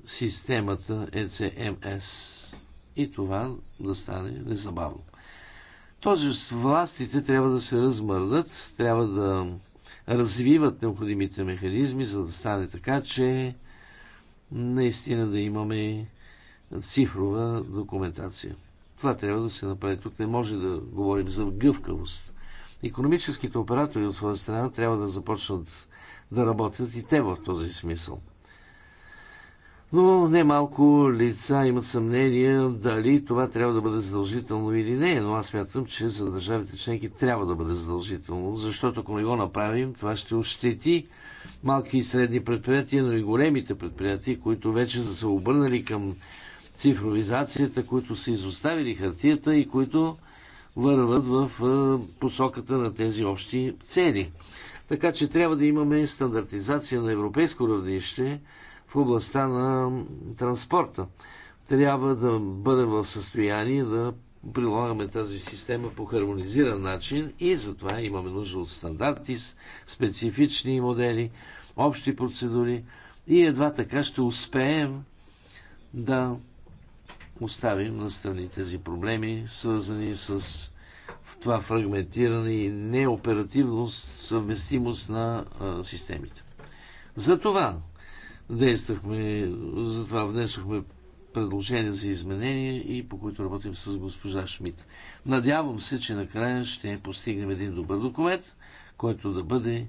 S3: системата ECMS е и това да стане незабавно. Тоест властите трябва да се размърдат, трябва да развиват необходимите механизми, за да стане така, че наистина да имаме цифрова документация. Това трябва да се направи. Тук не може да говорим за гъвкавост. Економическите оператори от своя страна трябва да започнат да работят и те в този смисъл но немалко лица имат съмнение дали това трябва да бъде задължително или не, но аз мятам, че за държавите членки трябва да бъде задължително, защото ако не го направим, това ще ощети малки и средни предприятия, но и големите предприятия, които вече са се обърнали към цифровизацията, които са изоставили хартията и които върват в посоката на тези общи цели. Така че трябва да имаме стандартизация на европейско равнище, областта на транспорта. Трябва да бъдем в състояние да прилагаме тази система по хармонизиран начин и затова имаме нужда от стандарти, специфични модели, общи процедури и едва така ще успеем да оставим на страни тези проблеми, свързани с това фрагментиране и неоперативност, съвместимост на а, системите. Затова действахме, затова внесохме предложения за изменения и по които работим с госпожа Шмидт. Надявам се, че накрая ще постигнем един добър документ, който да бъде е,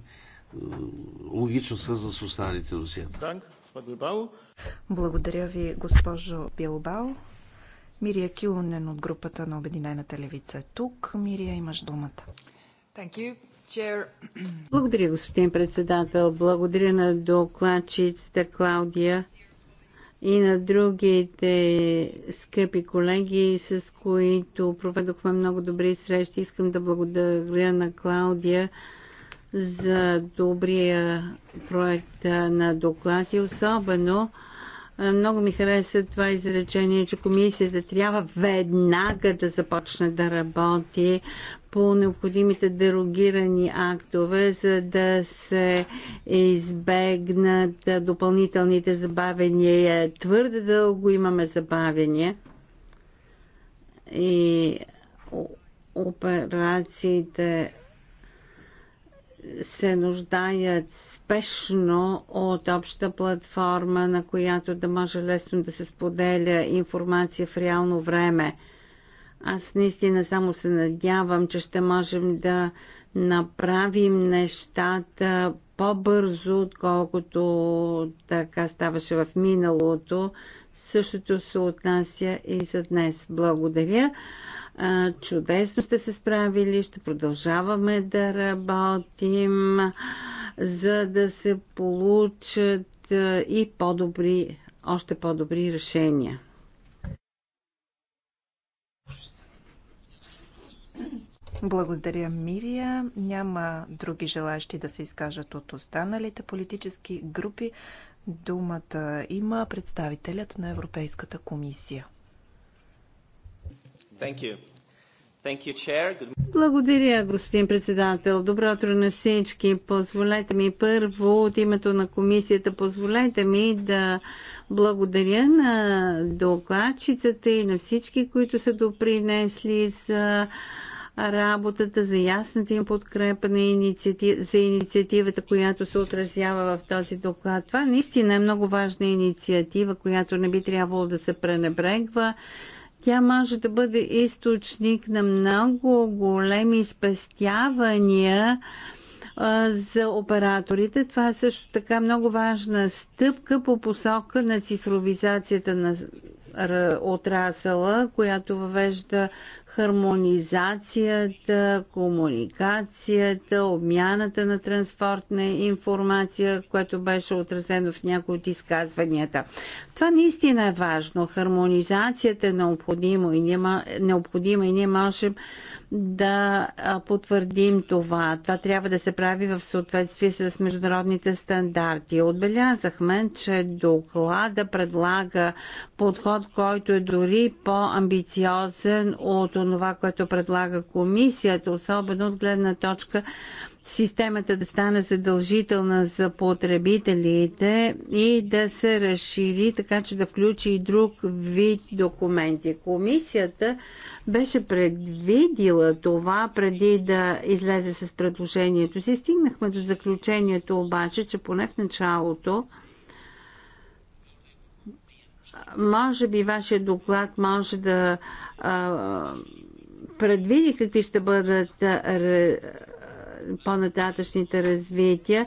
S3: логично свързан с останалите досията.
S2: Благодаря ви, госпожо Билбао. Мирия Килунен от групата на Обединената левица е тук. Мирия, имаш думата.
S4: Благодаря, господин председател. Благодаря на докладчицата Клаудия и на другите скъпи колеги, с които проведохме много добри срещи. Искам да благодаря на Клаудия за добрия проект на доклад и особено много ми хареса това изречение, че комисията трябва веднага да започне да работи по необходимите дерогирани актове, за да се избегнат допълнителните забавения. Твърде дълго имаме забавения и операциите се нуждаят спешно от обща платформа, на която да може лесно да се споделя информация в реално време. Аз наистина само се надявам, че ще можем да направим нещата по-бързо, отколкото така ставаше в миналото. Същото се отнася и за днес. Благодаря. Чудесно сте се справили. Ще продължаваме да работим, за да се получат и по-добри, още по-добри решения. Благодаря,
S2: Мирия. Няма други желащи да се изкажат от останалите политически групи. Думата има представителят на Европейската комисия.
S4: Thank you. Thank you, chair. Good... Благодаря, господин председател. Добро утро на всички. Позволете ми първо от името на комисията, позволете ми да благодаря на докладчицата и на всички, които са допринесли за работата, за ясната им подкрепа на инициатив, за инициативата, която се отразява в този доклад. Това наистина е много важна инициатива, която не би трябвало да се пренебрегва. Тя може да бъде източник на много големи спестявания за операторите. Това е също така много важна стъпка по посока на цифровизацията на отрасъла, която въвежда хармонизацията, комуникацията, обмяната на транспортна информация, което беше отразено в някои от изказванията. Това наистина е важно. Хармонизацията е необходима и ние, необходима и ние можем да потвърдим това. Това трябва да се прави в съответствие с международните стандарти. Отбелязахме, че доклада предлага подход, който е дори по-амбициозен от това, което предлага комисията, особено от гледна точка системата да стане задължителна за потребителите и да се разшири, така че да включи и друг вид документи. Комисията беше предвидила това преди да излезе с предложението си. Стигнахме до заключението обаче, че поне в началото може би вашия доклад може да а, предвиди какви ще бъдат по-нататъчните развития.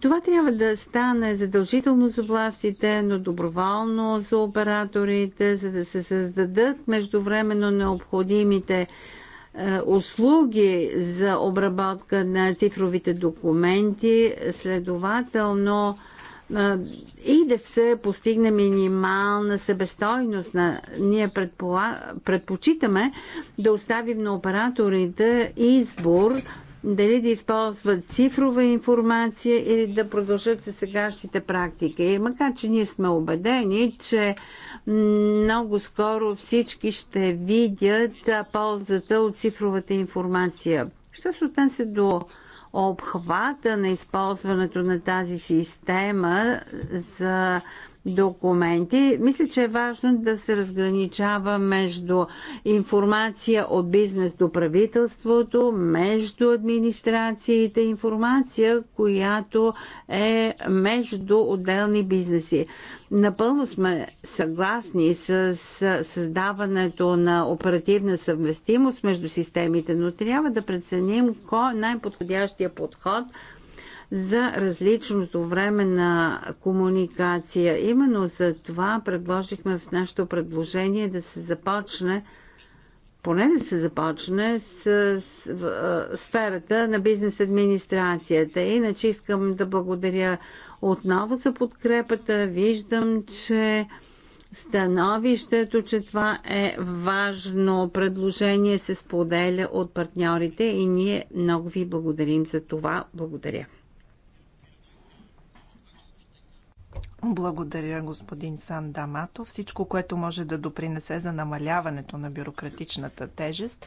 S4: Това трябва да стане задължително за властите, но доброволно за операторите, за да се създадат междувременно необходимите е, услуги за обработка на цифровите документи, следователно е, и да се постигне минимална себестойност. На... Ние предпола... предпочитаме да оставим на операторите избор дали да използват цифрова информация или да продължат със сегашните практики. И макар, че ние сме убедени, че много скоро всички ще видят ползата от цифровата информация. Що се отнася до обхвата на използването на тази система за документи. Мисля, че е важно да се разграничава между информация от бизнес до правителството, между администрациите, информация, която е между отделни бизнеси. Напълно сме съгласни с създаването на оперативна съвместимост между системите, но трябва да преценим кой е най-подходящия подход – за различното време на комуникация. Именно за това предложихме в нашето предложение да се започне поне да се започне с, с в, сферата на бизнес администрацията. Иначе искам да благодаря отново за подкрепата. Виждам, че становището, че това е важно предложение се споделя от партньорите и ние много ви благодарим за това. Благодаря.
S2: Благодаря, господин Сандамато. Всичко, което може да допринесе за намаляването на бюрократичната тежест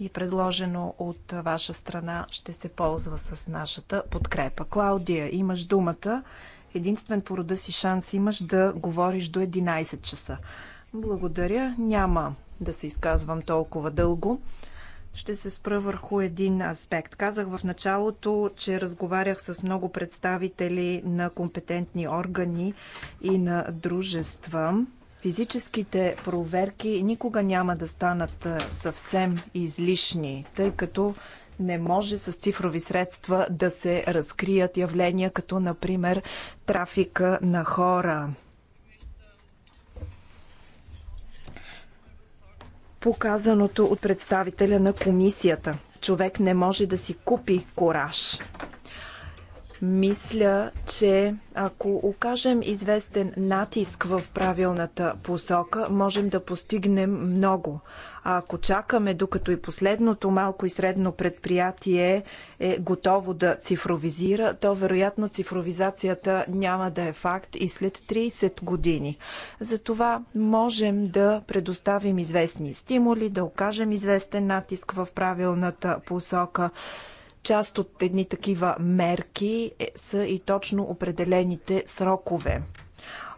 S2: и предложено от ваша страна, ще се ползва с нашата подкрепа. Клаудия, имаш думата. Единствен по рода си шанс имаш да говориш до 11 часа. Благодаря. Няма да се изказвам толкова дълго ще се спра върху един аспект. Казах в началото, че разговарях с много представители на компетентни органи и на дружества. Физическите проверки никога няма да станат съвсем излишни, тъй като не може с цифрови средства да се разкрият явления, като например трафика на хора. показаното от представителя на комисията. Човек не може да си купи кораж. Мисля, че ако окажем известен натиск в правилната посока, можем да постигнем много. А ако чакаме, докато и последното малко и средно предприятие е готово да цифровизира, то вероятно цифровизацията няма да е факт и след 30 години. Затова можем да предоставим известни стимули, да окажем известен натиск в правилната посока, Част от едни такива мерки е, са и точно определените срокове.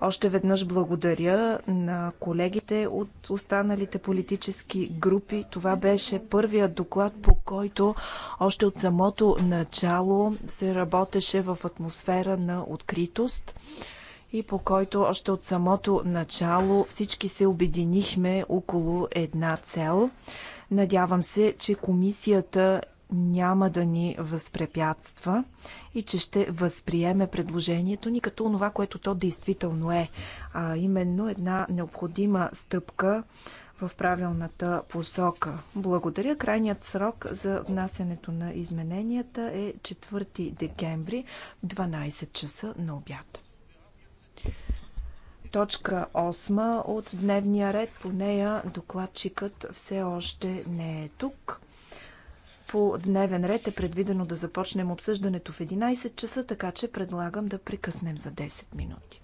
S2: Още веднъж благодаря на колегите от останалите политически групи. Това беше първият доклад, по който още от самото начало се работеше в атмосфера на откритост и по който още от самото начало всички се обединихме около една цел. Надявам се, че комисията няма да ни възпрепятства и че ще възприеме предложението ни като това, което то действително е, а именно една необходима стъпка в правилната посока. Благодаря. Крайният срок за внасянето на измененията е 4 декември, 12 часа на обяд. Точка 8 от дневния ред, по нея докладчикът все още не е тук по дневен ред е предвидено да започнем обсъждането в 11 часа, така че предлагам да прекъснем за 10 минути.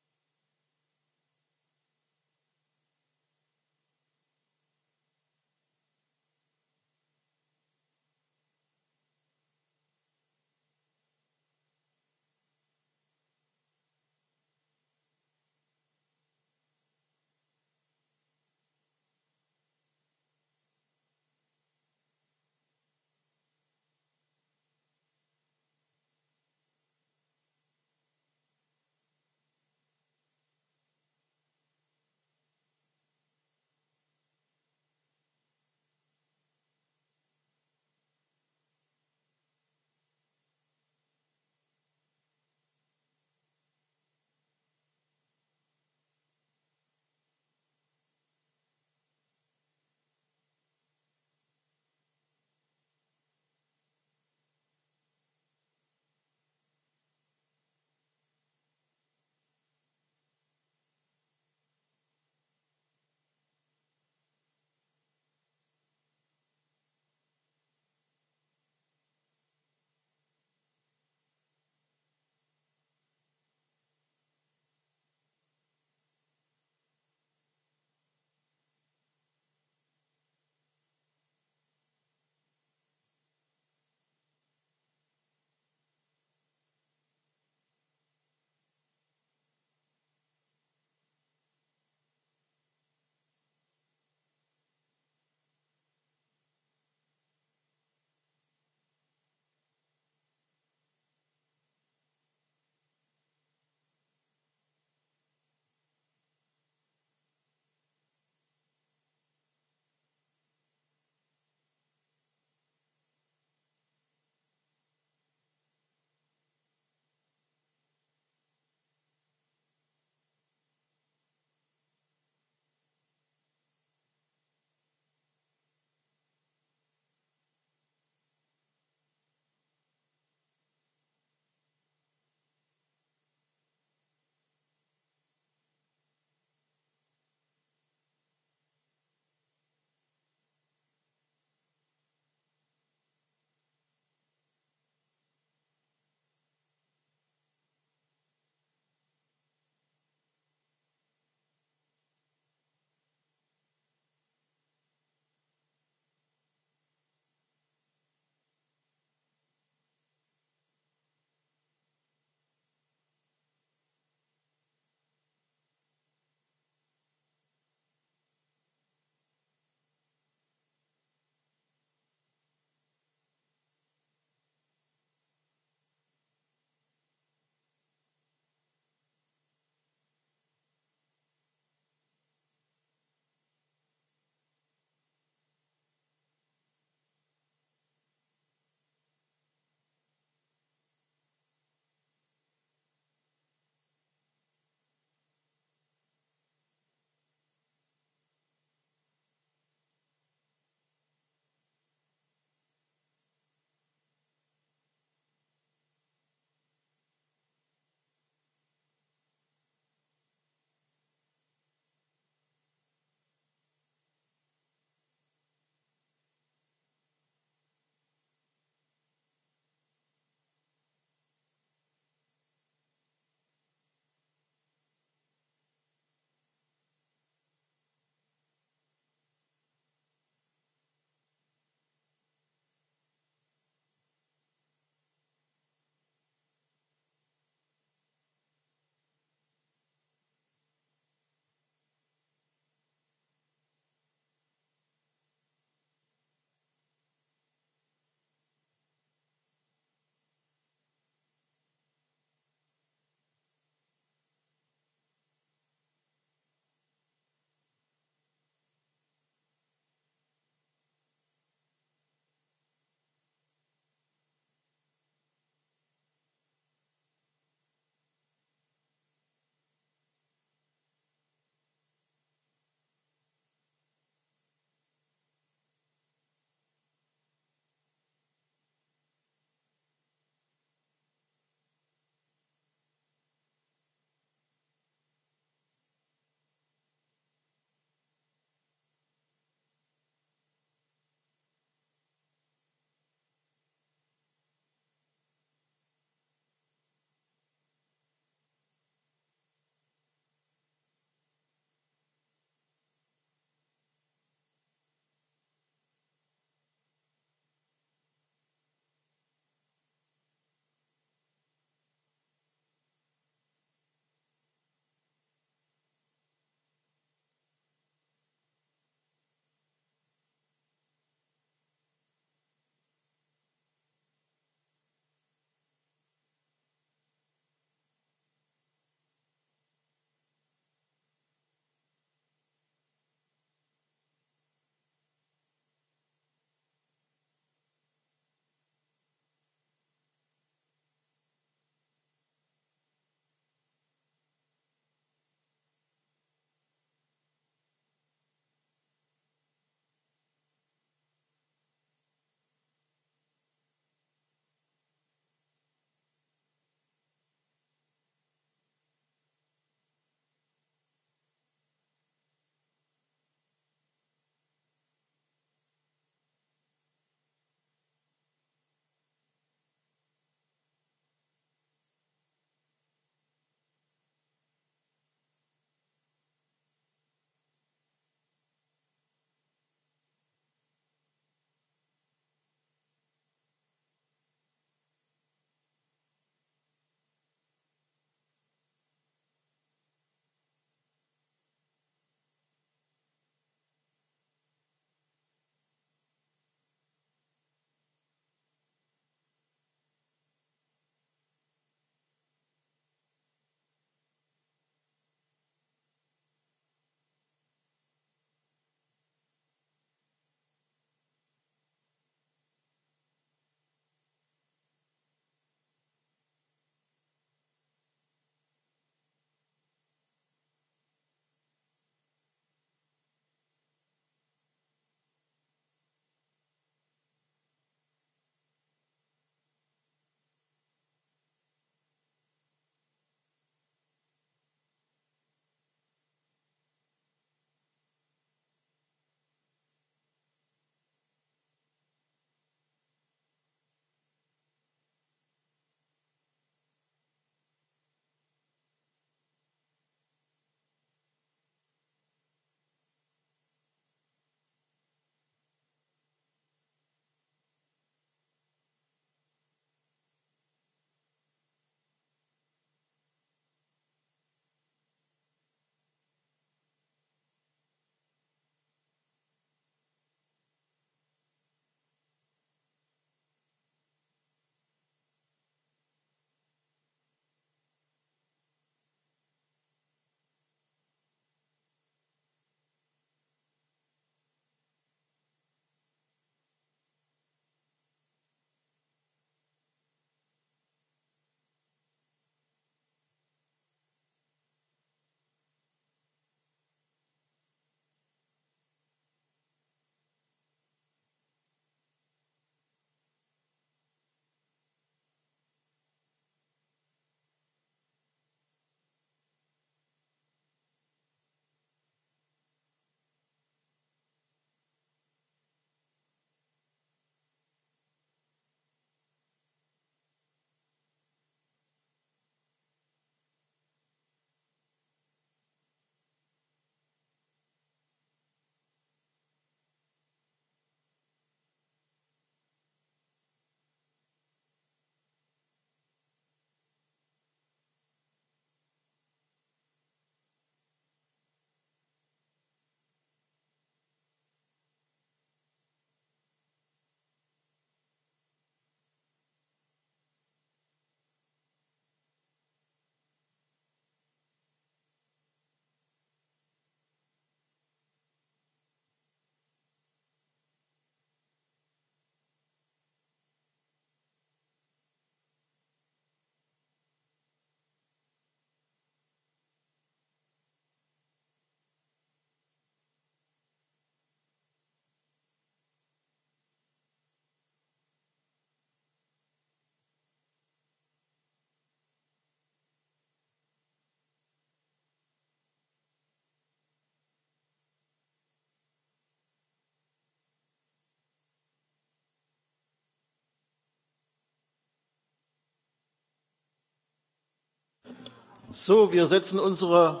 S1: So, wir setzen unsere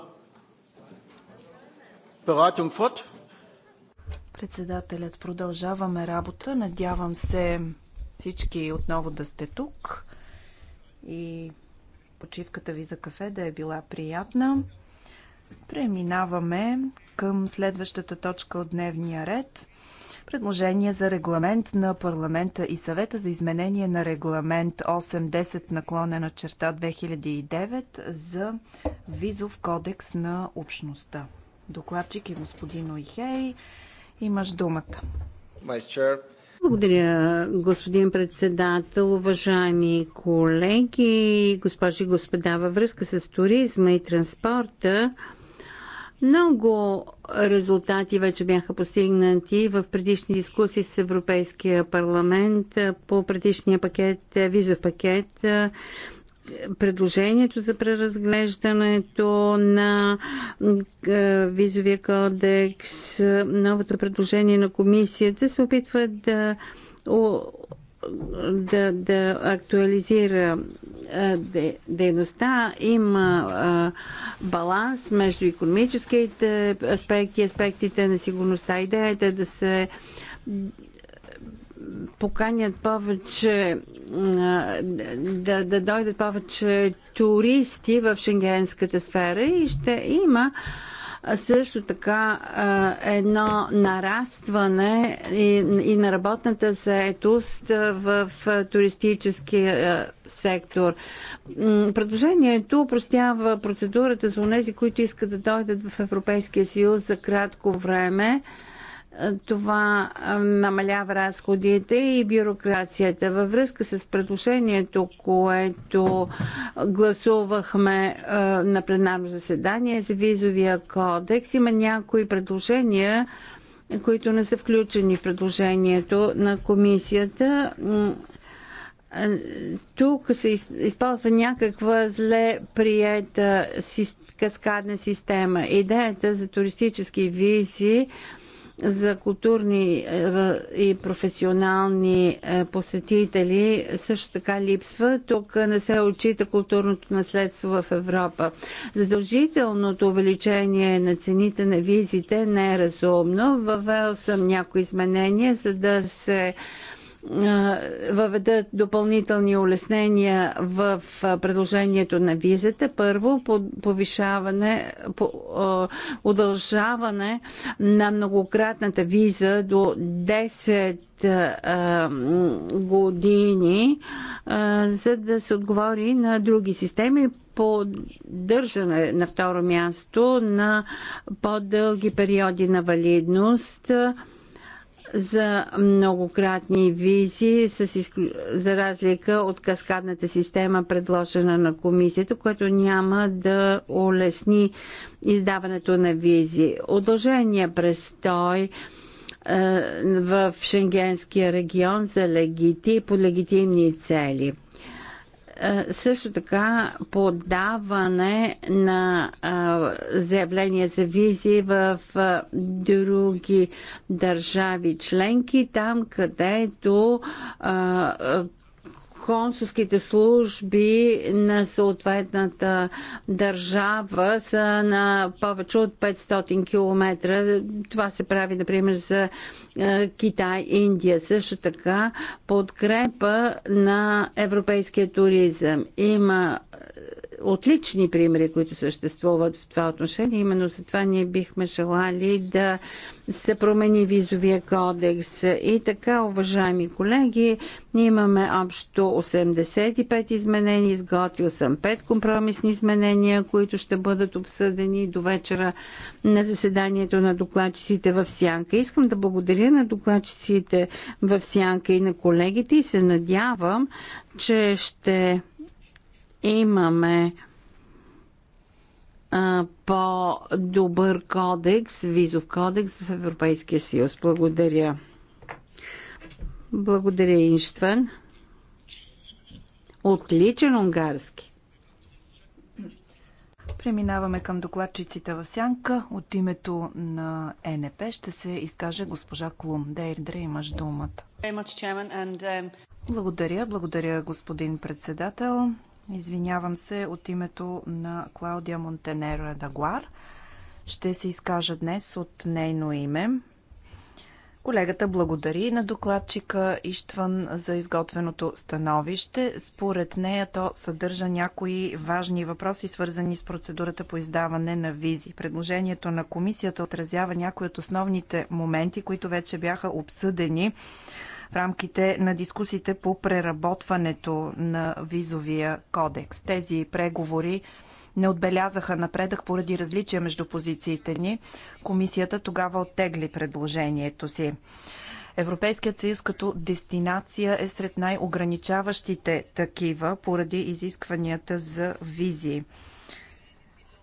S1: Beratung fort.
S2: Председателят, продължаваме работа. Надявам се всички отново да сте тук и почивката ви за кафе да е била приятна. Преминаваме към следващата точка от дневния ред. Предложение за регламент на парламента и съвета за изменение на регламент 810 наклонена черта 2009 за визов кодекс на общността. Докладчик е господин Ойхей.
S4: Имаш думата. Благодаря, господин председател, уважаеми колеги, госпожи и господа. Във връзка с туризма и транспорта, много резултати вече бяха постигнати в предишни дискусии с Европейския парламент по предишния пакет, визов пакет, предложението за преразглеждането на е, визовия кодекс, новото предложение на комисията се опитва да да, да актуализира дейността. Има а, баланс между економическите аспекти, аспектите на сигурността. Идеята е да се поканят повече, да, да дойдат повече туристи в шенгенската сфера и ще има също така едно нарастване и, на работната заетост в туристическия сектор. Предложението упростява процедурата за тези, които искат да дойдат в Европейския съюз за кратко време това намалява разходите и бюрокрацията. Във връзка с предложението, което гласувахме на пленарно заседание за визовия кодекс, има някои предложения, които не са включени в предложението на комисията тук се използва някаква зле приета каскадна система. Идеята за туристически визи за културни е, и професионални е, посетители също така липсва. Тук е, не се отчита културното наследство в Европа. Задължителното увеличение на цените на визите не е разумно. Въвел съм някои изменения, за да се въведат допълнителни улеснения в предложението на визата. Първо, повишаване, удължаване на многократната виза до 10 години, за да се отговори на други системи поддържане на второ място на по-дълги периоди на валидност за многократни визи, с изклю... за разлика от каскадната система, предложена на комисията, което няма да улесни издаването на визи. Удължения престой е, в Шенгенския регион за легити по легитимни цели – е, също така подаване на заявления за визи в други държави членки, там където консулските служби на съответната държава са на повече от 500 км. Това се прави, например, за е, Китай, Индия. Също така подкрепа на европейския туризъм. Има отлични примери, които съществуват в това отношение. Именно за това ние бихме желали да се промени визовия кодекс. И така, уважаеми колеги, ние имаме общо 85 изменения. Изготвил съм 5 компромисни изменения, които ще бъдат обсъдени до вечера на заседанието на докладчиците в Сянка. Искам да благодаря на докладчиците в Сянка и на колегите и се надявам, че ще имаме по-добър кодекс, визов кодекс в Европейския съюз. Благодаря. Благодаря, Инштван. Отличен унгарски.
S2: Преминаваме към докладчиците в сянка. От името на ЕНП ще се изкаже госпожа Клум. Дейрдре, имаш думата.
S4: Um,
S2: благодаря, благодаря господин председател. Извинявам се от името на Клаудия Монтенеро Едагуар. Ще се изкажа днес от нейно име. Колегата благодари на докладчика Иштван за изготвеното становище. Според нея то съдържа някои важни въпроси, свързани с процедурата по издаване на визи. Предложението на комисията отразява някои от основните моменти, които вече бяха обсъдени в рамките на дискусите по преработването на визовия кодекс. Тези преговори не отбелязаха напредък поради различия между позициите ни. Комисията тогава оттегли предложението си. Европейският съюз като дестинация е сред най-ограничаващите такива поради изискванията за визи.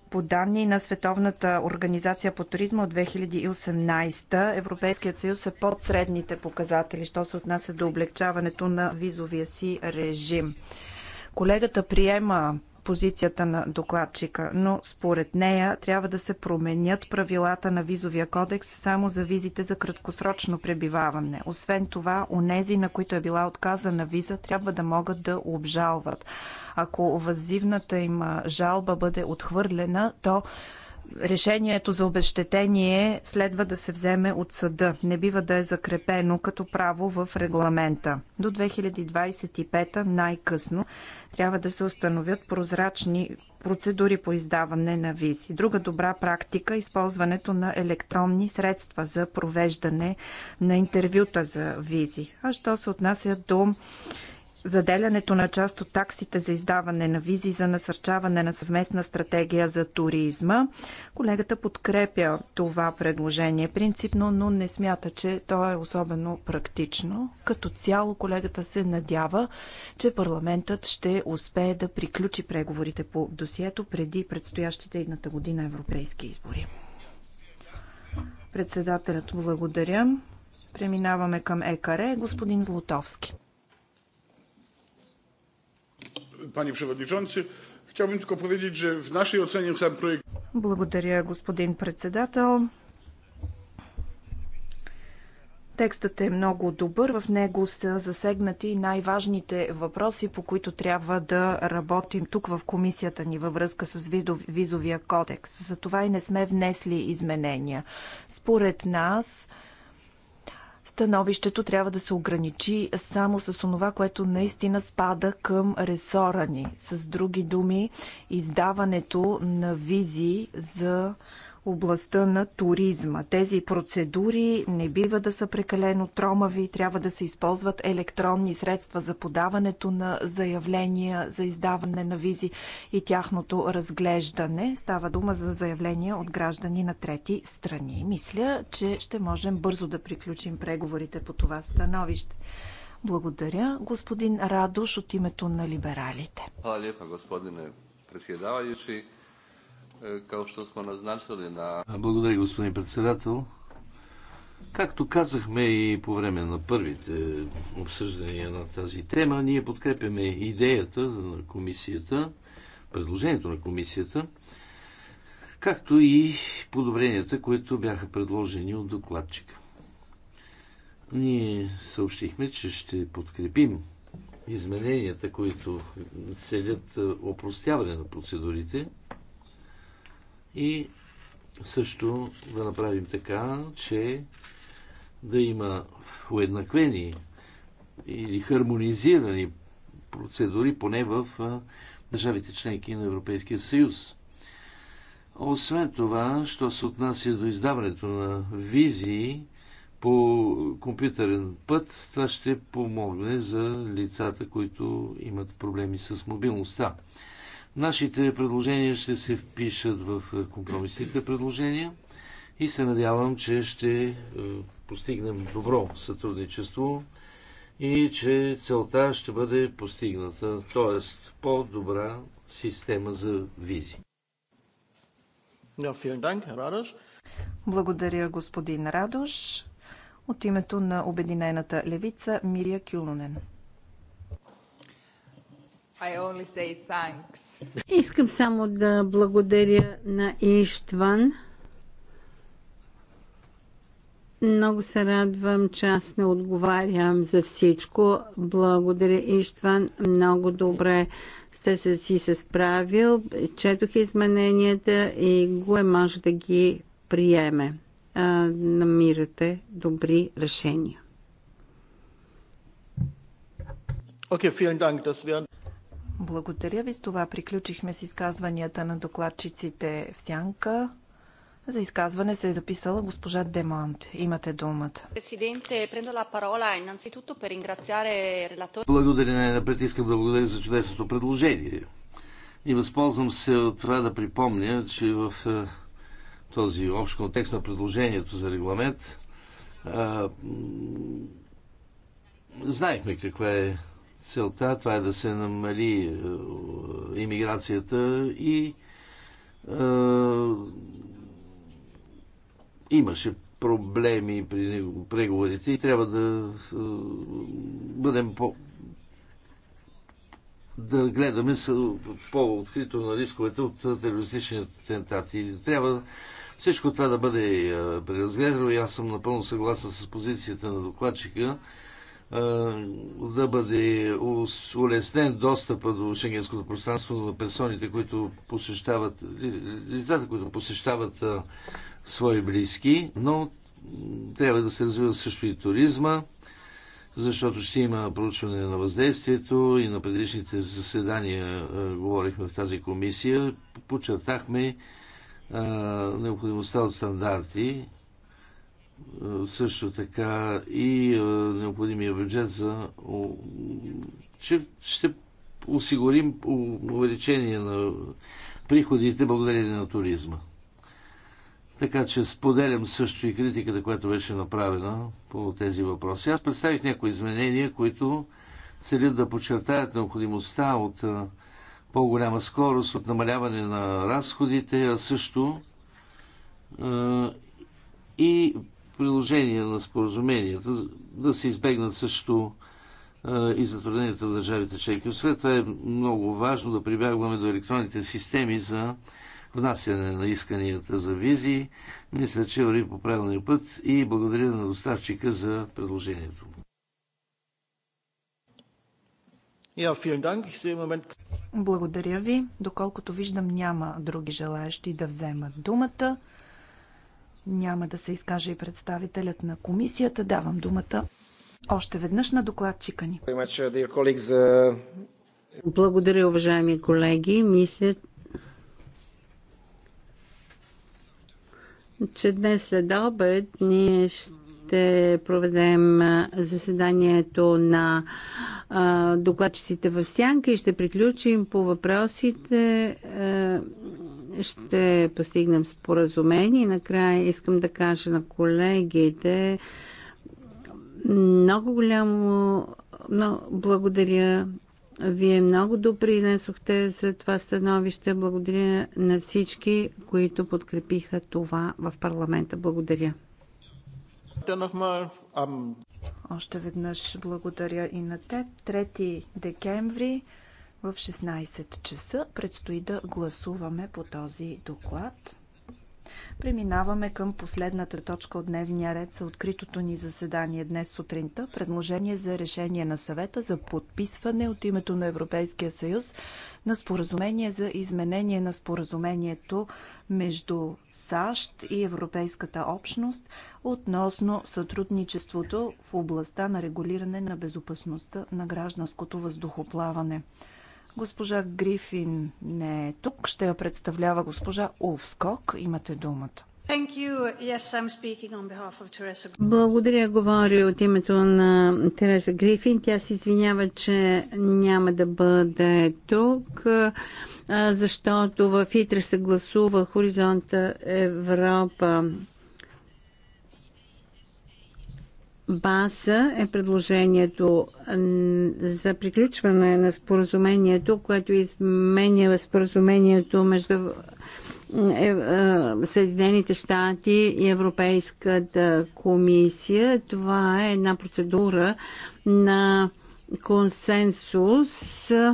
S2: По данни на Световната организация по туризма от 2018, Европейският съюз е под средните показатели, що се отнася до облегчаването на визовия си режим. Колегата приема позицията на докладчика, но според нея трябва да се променят правилата на визовия кодекс само за визите за краткосрочно пребиваване. Освен това, онези, на които е била отказана виза, трябва да могат да обжалват. Ако въззивната им жалба бъде отхвърлена, то решението за обещетение следва да се вземе от съда. Не бива да е закрепено като право в регламента. До 2025 най-късно трябва да се установят прозрачни процедури по издаване на визи. Друга добра практика е използването на електронни средства за провеждане на интервюта за визи. А що се отнася до заделянето на част от таксите за издаване на визи за насърчаване на съвместна стратегия за туризма. Колегата подкрепя това предложение принципно, но не смята, че то е особено практично. Като цяло колегата се надява, че парламентът ще успее да приключи преговорите по досието преди предстоящите едната година европейски избори. Председателят благодаря. Преминаваме към ЕКАРЕ. Господин Злотовски.
S1: Panie Przewodniczący. Chciałbym tylko powiedzieć, że w naszej ocenie sam projekt...
S2: Благодаря, господин председател. Текстът е много добър. В него са засегнати най-важните въпроси, по които трябва да работим тук в комисията ни във връзка с визовия кодекс. Затова и не сме внесли изменения. Според нас, Становището трябва да се ограничи само с онова, което наистина спада към ресора ни. С други думи, издаването на визи за областта на туризма. Тези процедури не бива да са прекалено тромави, трябва да се използват електронни средства за подаването на заявления за издаване на визи и тяхното разглеждане. Става дума за заявления от граждани на трети страни. Мисля, че ще можем бързо да приключим преговорите по това становище. Благодаря, господин Радош, от името на либералите.
S3: Благодаря, lijepa, gospodine kao što smo naznačili Благодаря, господин председател. Както казахме и по време на първите обсъждания на тази тема, ние подкрепяме идеята на комисията, предложението на комисията, както и подобренията, които бяха предложени от докладчика. Ние съобщихме, че ще подкрепим измененията, които целят опростяване на процедурите и също да направим така, че да има уеднаквени или хармонизирани процедури, поне в държавите членки на Европейския съюз. Освен това, що се отнася до издаването на визии по компютърен път, това ще помогне за лицата, които имат проблеми с мобилността. Нашите предложения ще се впишат в е, компромисните предложения и се надявам, че ще е, постигнем добро сътрудничество и че целта ще бъде постигната, т.е. по-добра система за визи.
S2: Благодаря, господин Радош. От името на Обединената левица Мирия Кюлунен.
S4: I only say thanks. Искам само да благодаря на Иштван. Много се радвам, че аз не отговарям за всичко. Благодаря, Иштван. Много добре сте се си се справил. Четох измененията и го е може да ги приеме. А, намирате добри решения.
S1: Okay, vielen Dank. Das wären...
S2: Благодаря ви. С това приключихме с изказванията на докладчиците в Сянка. За изказване се е записала госпожа Демонт. Имате
S3: думата. Благодаря не напред Искам да благодаря за чудесното предложение. И възползвам се от това да припомня, че в е, този общ контекст на предложението за регламент е, знаехме каква е целта, това е да се намали е, иммиграцията и е, имаше проблеми при преговорите и трябва да е, бъдем по да гледаме по-открито на рисковете от терористични атентати. Трябва всичко това да бъде е, преразгледано и аз съм напълно съгласен с позицията на докладчика да бъде улеснен достъпа до шенгенското пространство на персоните, които посещават, лицата, които посещават свои близки, но трябва да се развива също и туризма, защото ще има проучване на въздействието и на предишните заседания говорихме в тази комисия. Почертахме необходимостта от стандарти, също така и необходимия бюджет за че ще осигурим увеличение на приходите благодарение на туризма. Така че споделям също и критиката, която беше направена по тези въпроси. Аз представих някои изменения, които целят да подчертаят необходимостта от по-голяма скорост, от намаляване на разходите, а също и приложение на споразуменията, да се избегнат също и затрудненията на държавите членки. Освен това е много важно да прибягваме до електронните системи за внасяне на исканията за визи. Мисля, че върви по правилния път и благодаря на доставчика за предложението.
S2: Благодаря ви. Доколкото виждам, няма други желаящи да вземат думата. Няма да се изкаже и представителят на
S4: комисията. Давам думата още веднъж на докладчика ни. Благодаря, уважаеми колеги. Мисля, че днес след обед ние ще проведем заседанието на докладчиците в Сянка и ще приключим по въпросите ще постигнем споразумение. Накрая искам да кажа на колегите много голямо но благодаря. Вие много допринесохте за това становище. Благодаря на всички, които подкрепиха това в парламента. Благодаря.
S2: Още веднъж благодаря и на теб. 3 декември в 16 часа предстои да гласуваме по този доклад. Преминаваме към последната точка от дневния ред за откритото ни заседание днес сутринта. Предложение за решение на съвета за подписване от името на Европейския съюз на споразумение за изменение на споразумението между САЩ и Европейската общност относно сътрудничеството в областта на регулиране на безопасността на гражданското въздухоплаване. Госпожа Грифин не е тук. Ще я представлява госпожа
S4: Улфскок. Имате думата. Yes, Благодаря, говори от името на Тереса Грифин. Тя се извинява, че няма да бъде тук, защото в Итре се гласува Хоризонта Европа база е предложението за приключване на споразумението, което изменя споразумението между е, е, Съединените щати и Европейската комисия. Това е една процедура на консенсус е,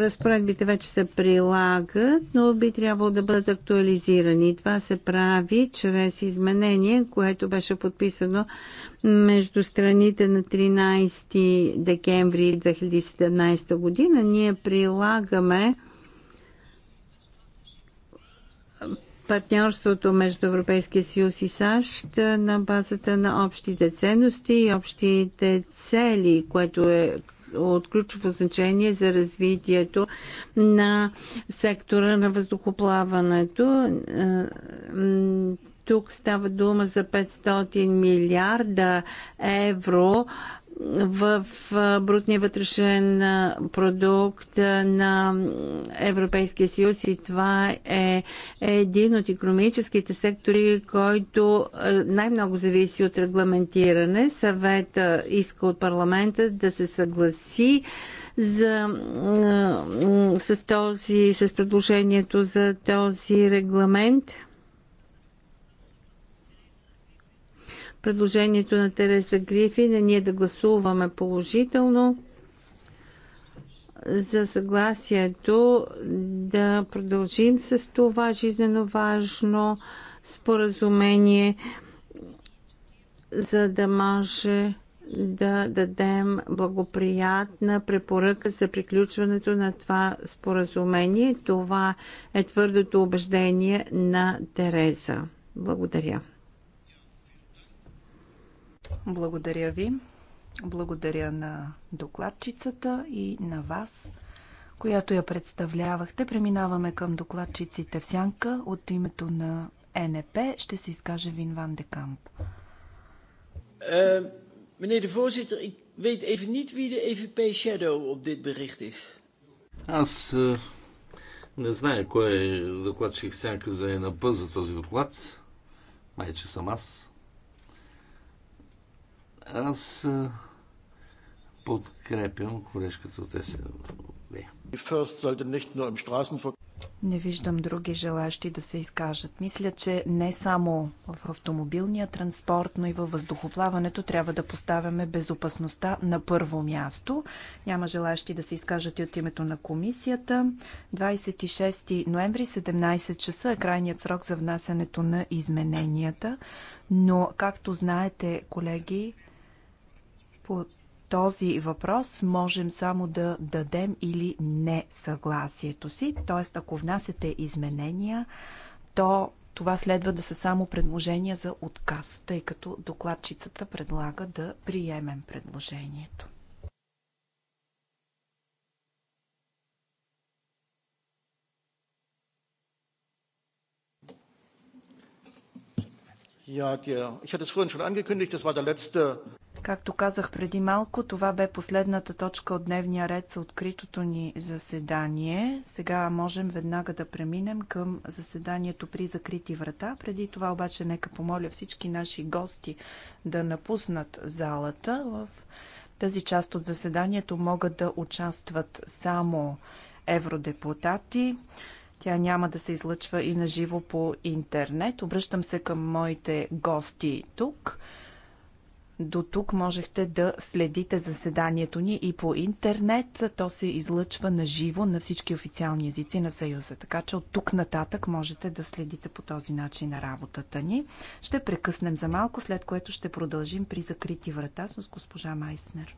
S4: разпоредбите вече се прилагат, но би трябвало да бъдат актуализирани. Това се прави чрез изменение, което беше подписано между страните на 13 декември 2017 година. Ние прилагаме партньорството между Европейския съюз и САЩ на базата на общите ценности и общите цели, което е от ключово значение за развитието на сектора на въздухоплаването. Тук става дума за 500 милиарда евро в брутния вътрешен продукт на Европейския съюз и това е един от економическите сектори, който най-много зависи от регламентиране. Съвета иска от парламента да се съгласи за, с, този, с предложението за този регламент – предложението на Тереза Грифин е ние да гласуваме положително за съгласието да продължим с това жизненно важно споразумение, за да може да дадем благоприятна препоръка за приключването на това споразумение. Това е твърдото убеждение на Тереза. Благодаря.
S2: Благодаря ви. Благодаря на докладчицата и на вас, която я представлявахте. Преминаваме към докладчиците в сянка от името на НП. Ще се изкаже Вин Ван Декамп.
S1: Uh, ehm, meneer de voorzitter, ik weet even niet wie de EVP shadow op dit bericht is.
S3: Аз eh, не знае кой е докладчик сянка за НП за този доклад. Май, че съм аз. Аз подкрепям колежката от СНВ.
S2: Не виждам други желащи да се изкажат. Мисля, че не само в автомобилния транспорт, но и във въздухоплаването трябва да поставяме безопасността на първо място. Няма желащи да се изкажат и от името на комисията. 26 ноември, 17 часа е крайният срок за внасянето на измененията. Но, както знаете, колеги, по този въпрос можем само да дадем или не съгласието си. Т.е. ако внасяте изменения, то това следва да са само предложения за отказ, тъй като докладчицата предлага да приемем предложението.
S1: Ja, der, ich hatte es vorhin schon angekündigt, das war der letzte
S2: Както казах преди малко, това бе последната точка от дневния ред за откритото ни заседание. Сега можем веднага да преминем към заседанието при закрити врата. Преди това обаче нека помоля всички наши гости да напуснат залата. В тази част от заседанието могат да участват само евродепутати. Тя няма да се излъчва и на живо по интернет. Обръщам се към моите гости тук – до тук можехте да следите заседанието ни и по интернет. То се излъчва на живо на всички официални езици на Съюза. Така че от тук нататък можете да следите по този начин на работата ни. Ще прекъснем за малко, след което ще продължим при закрити врата с госпожа Майснер.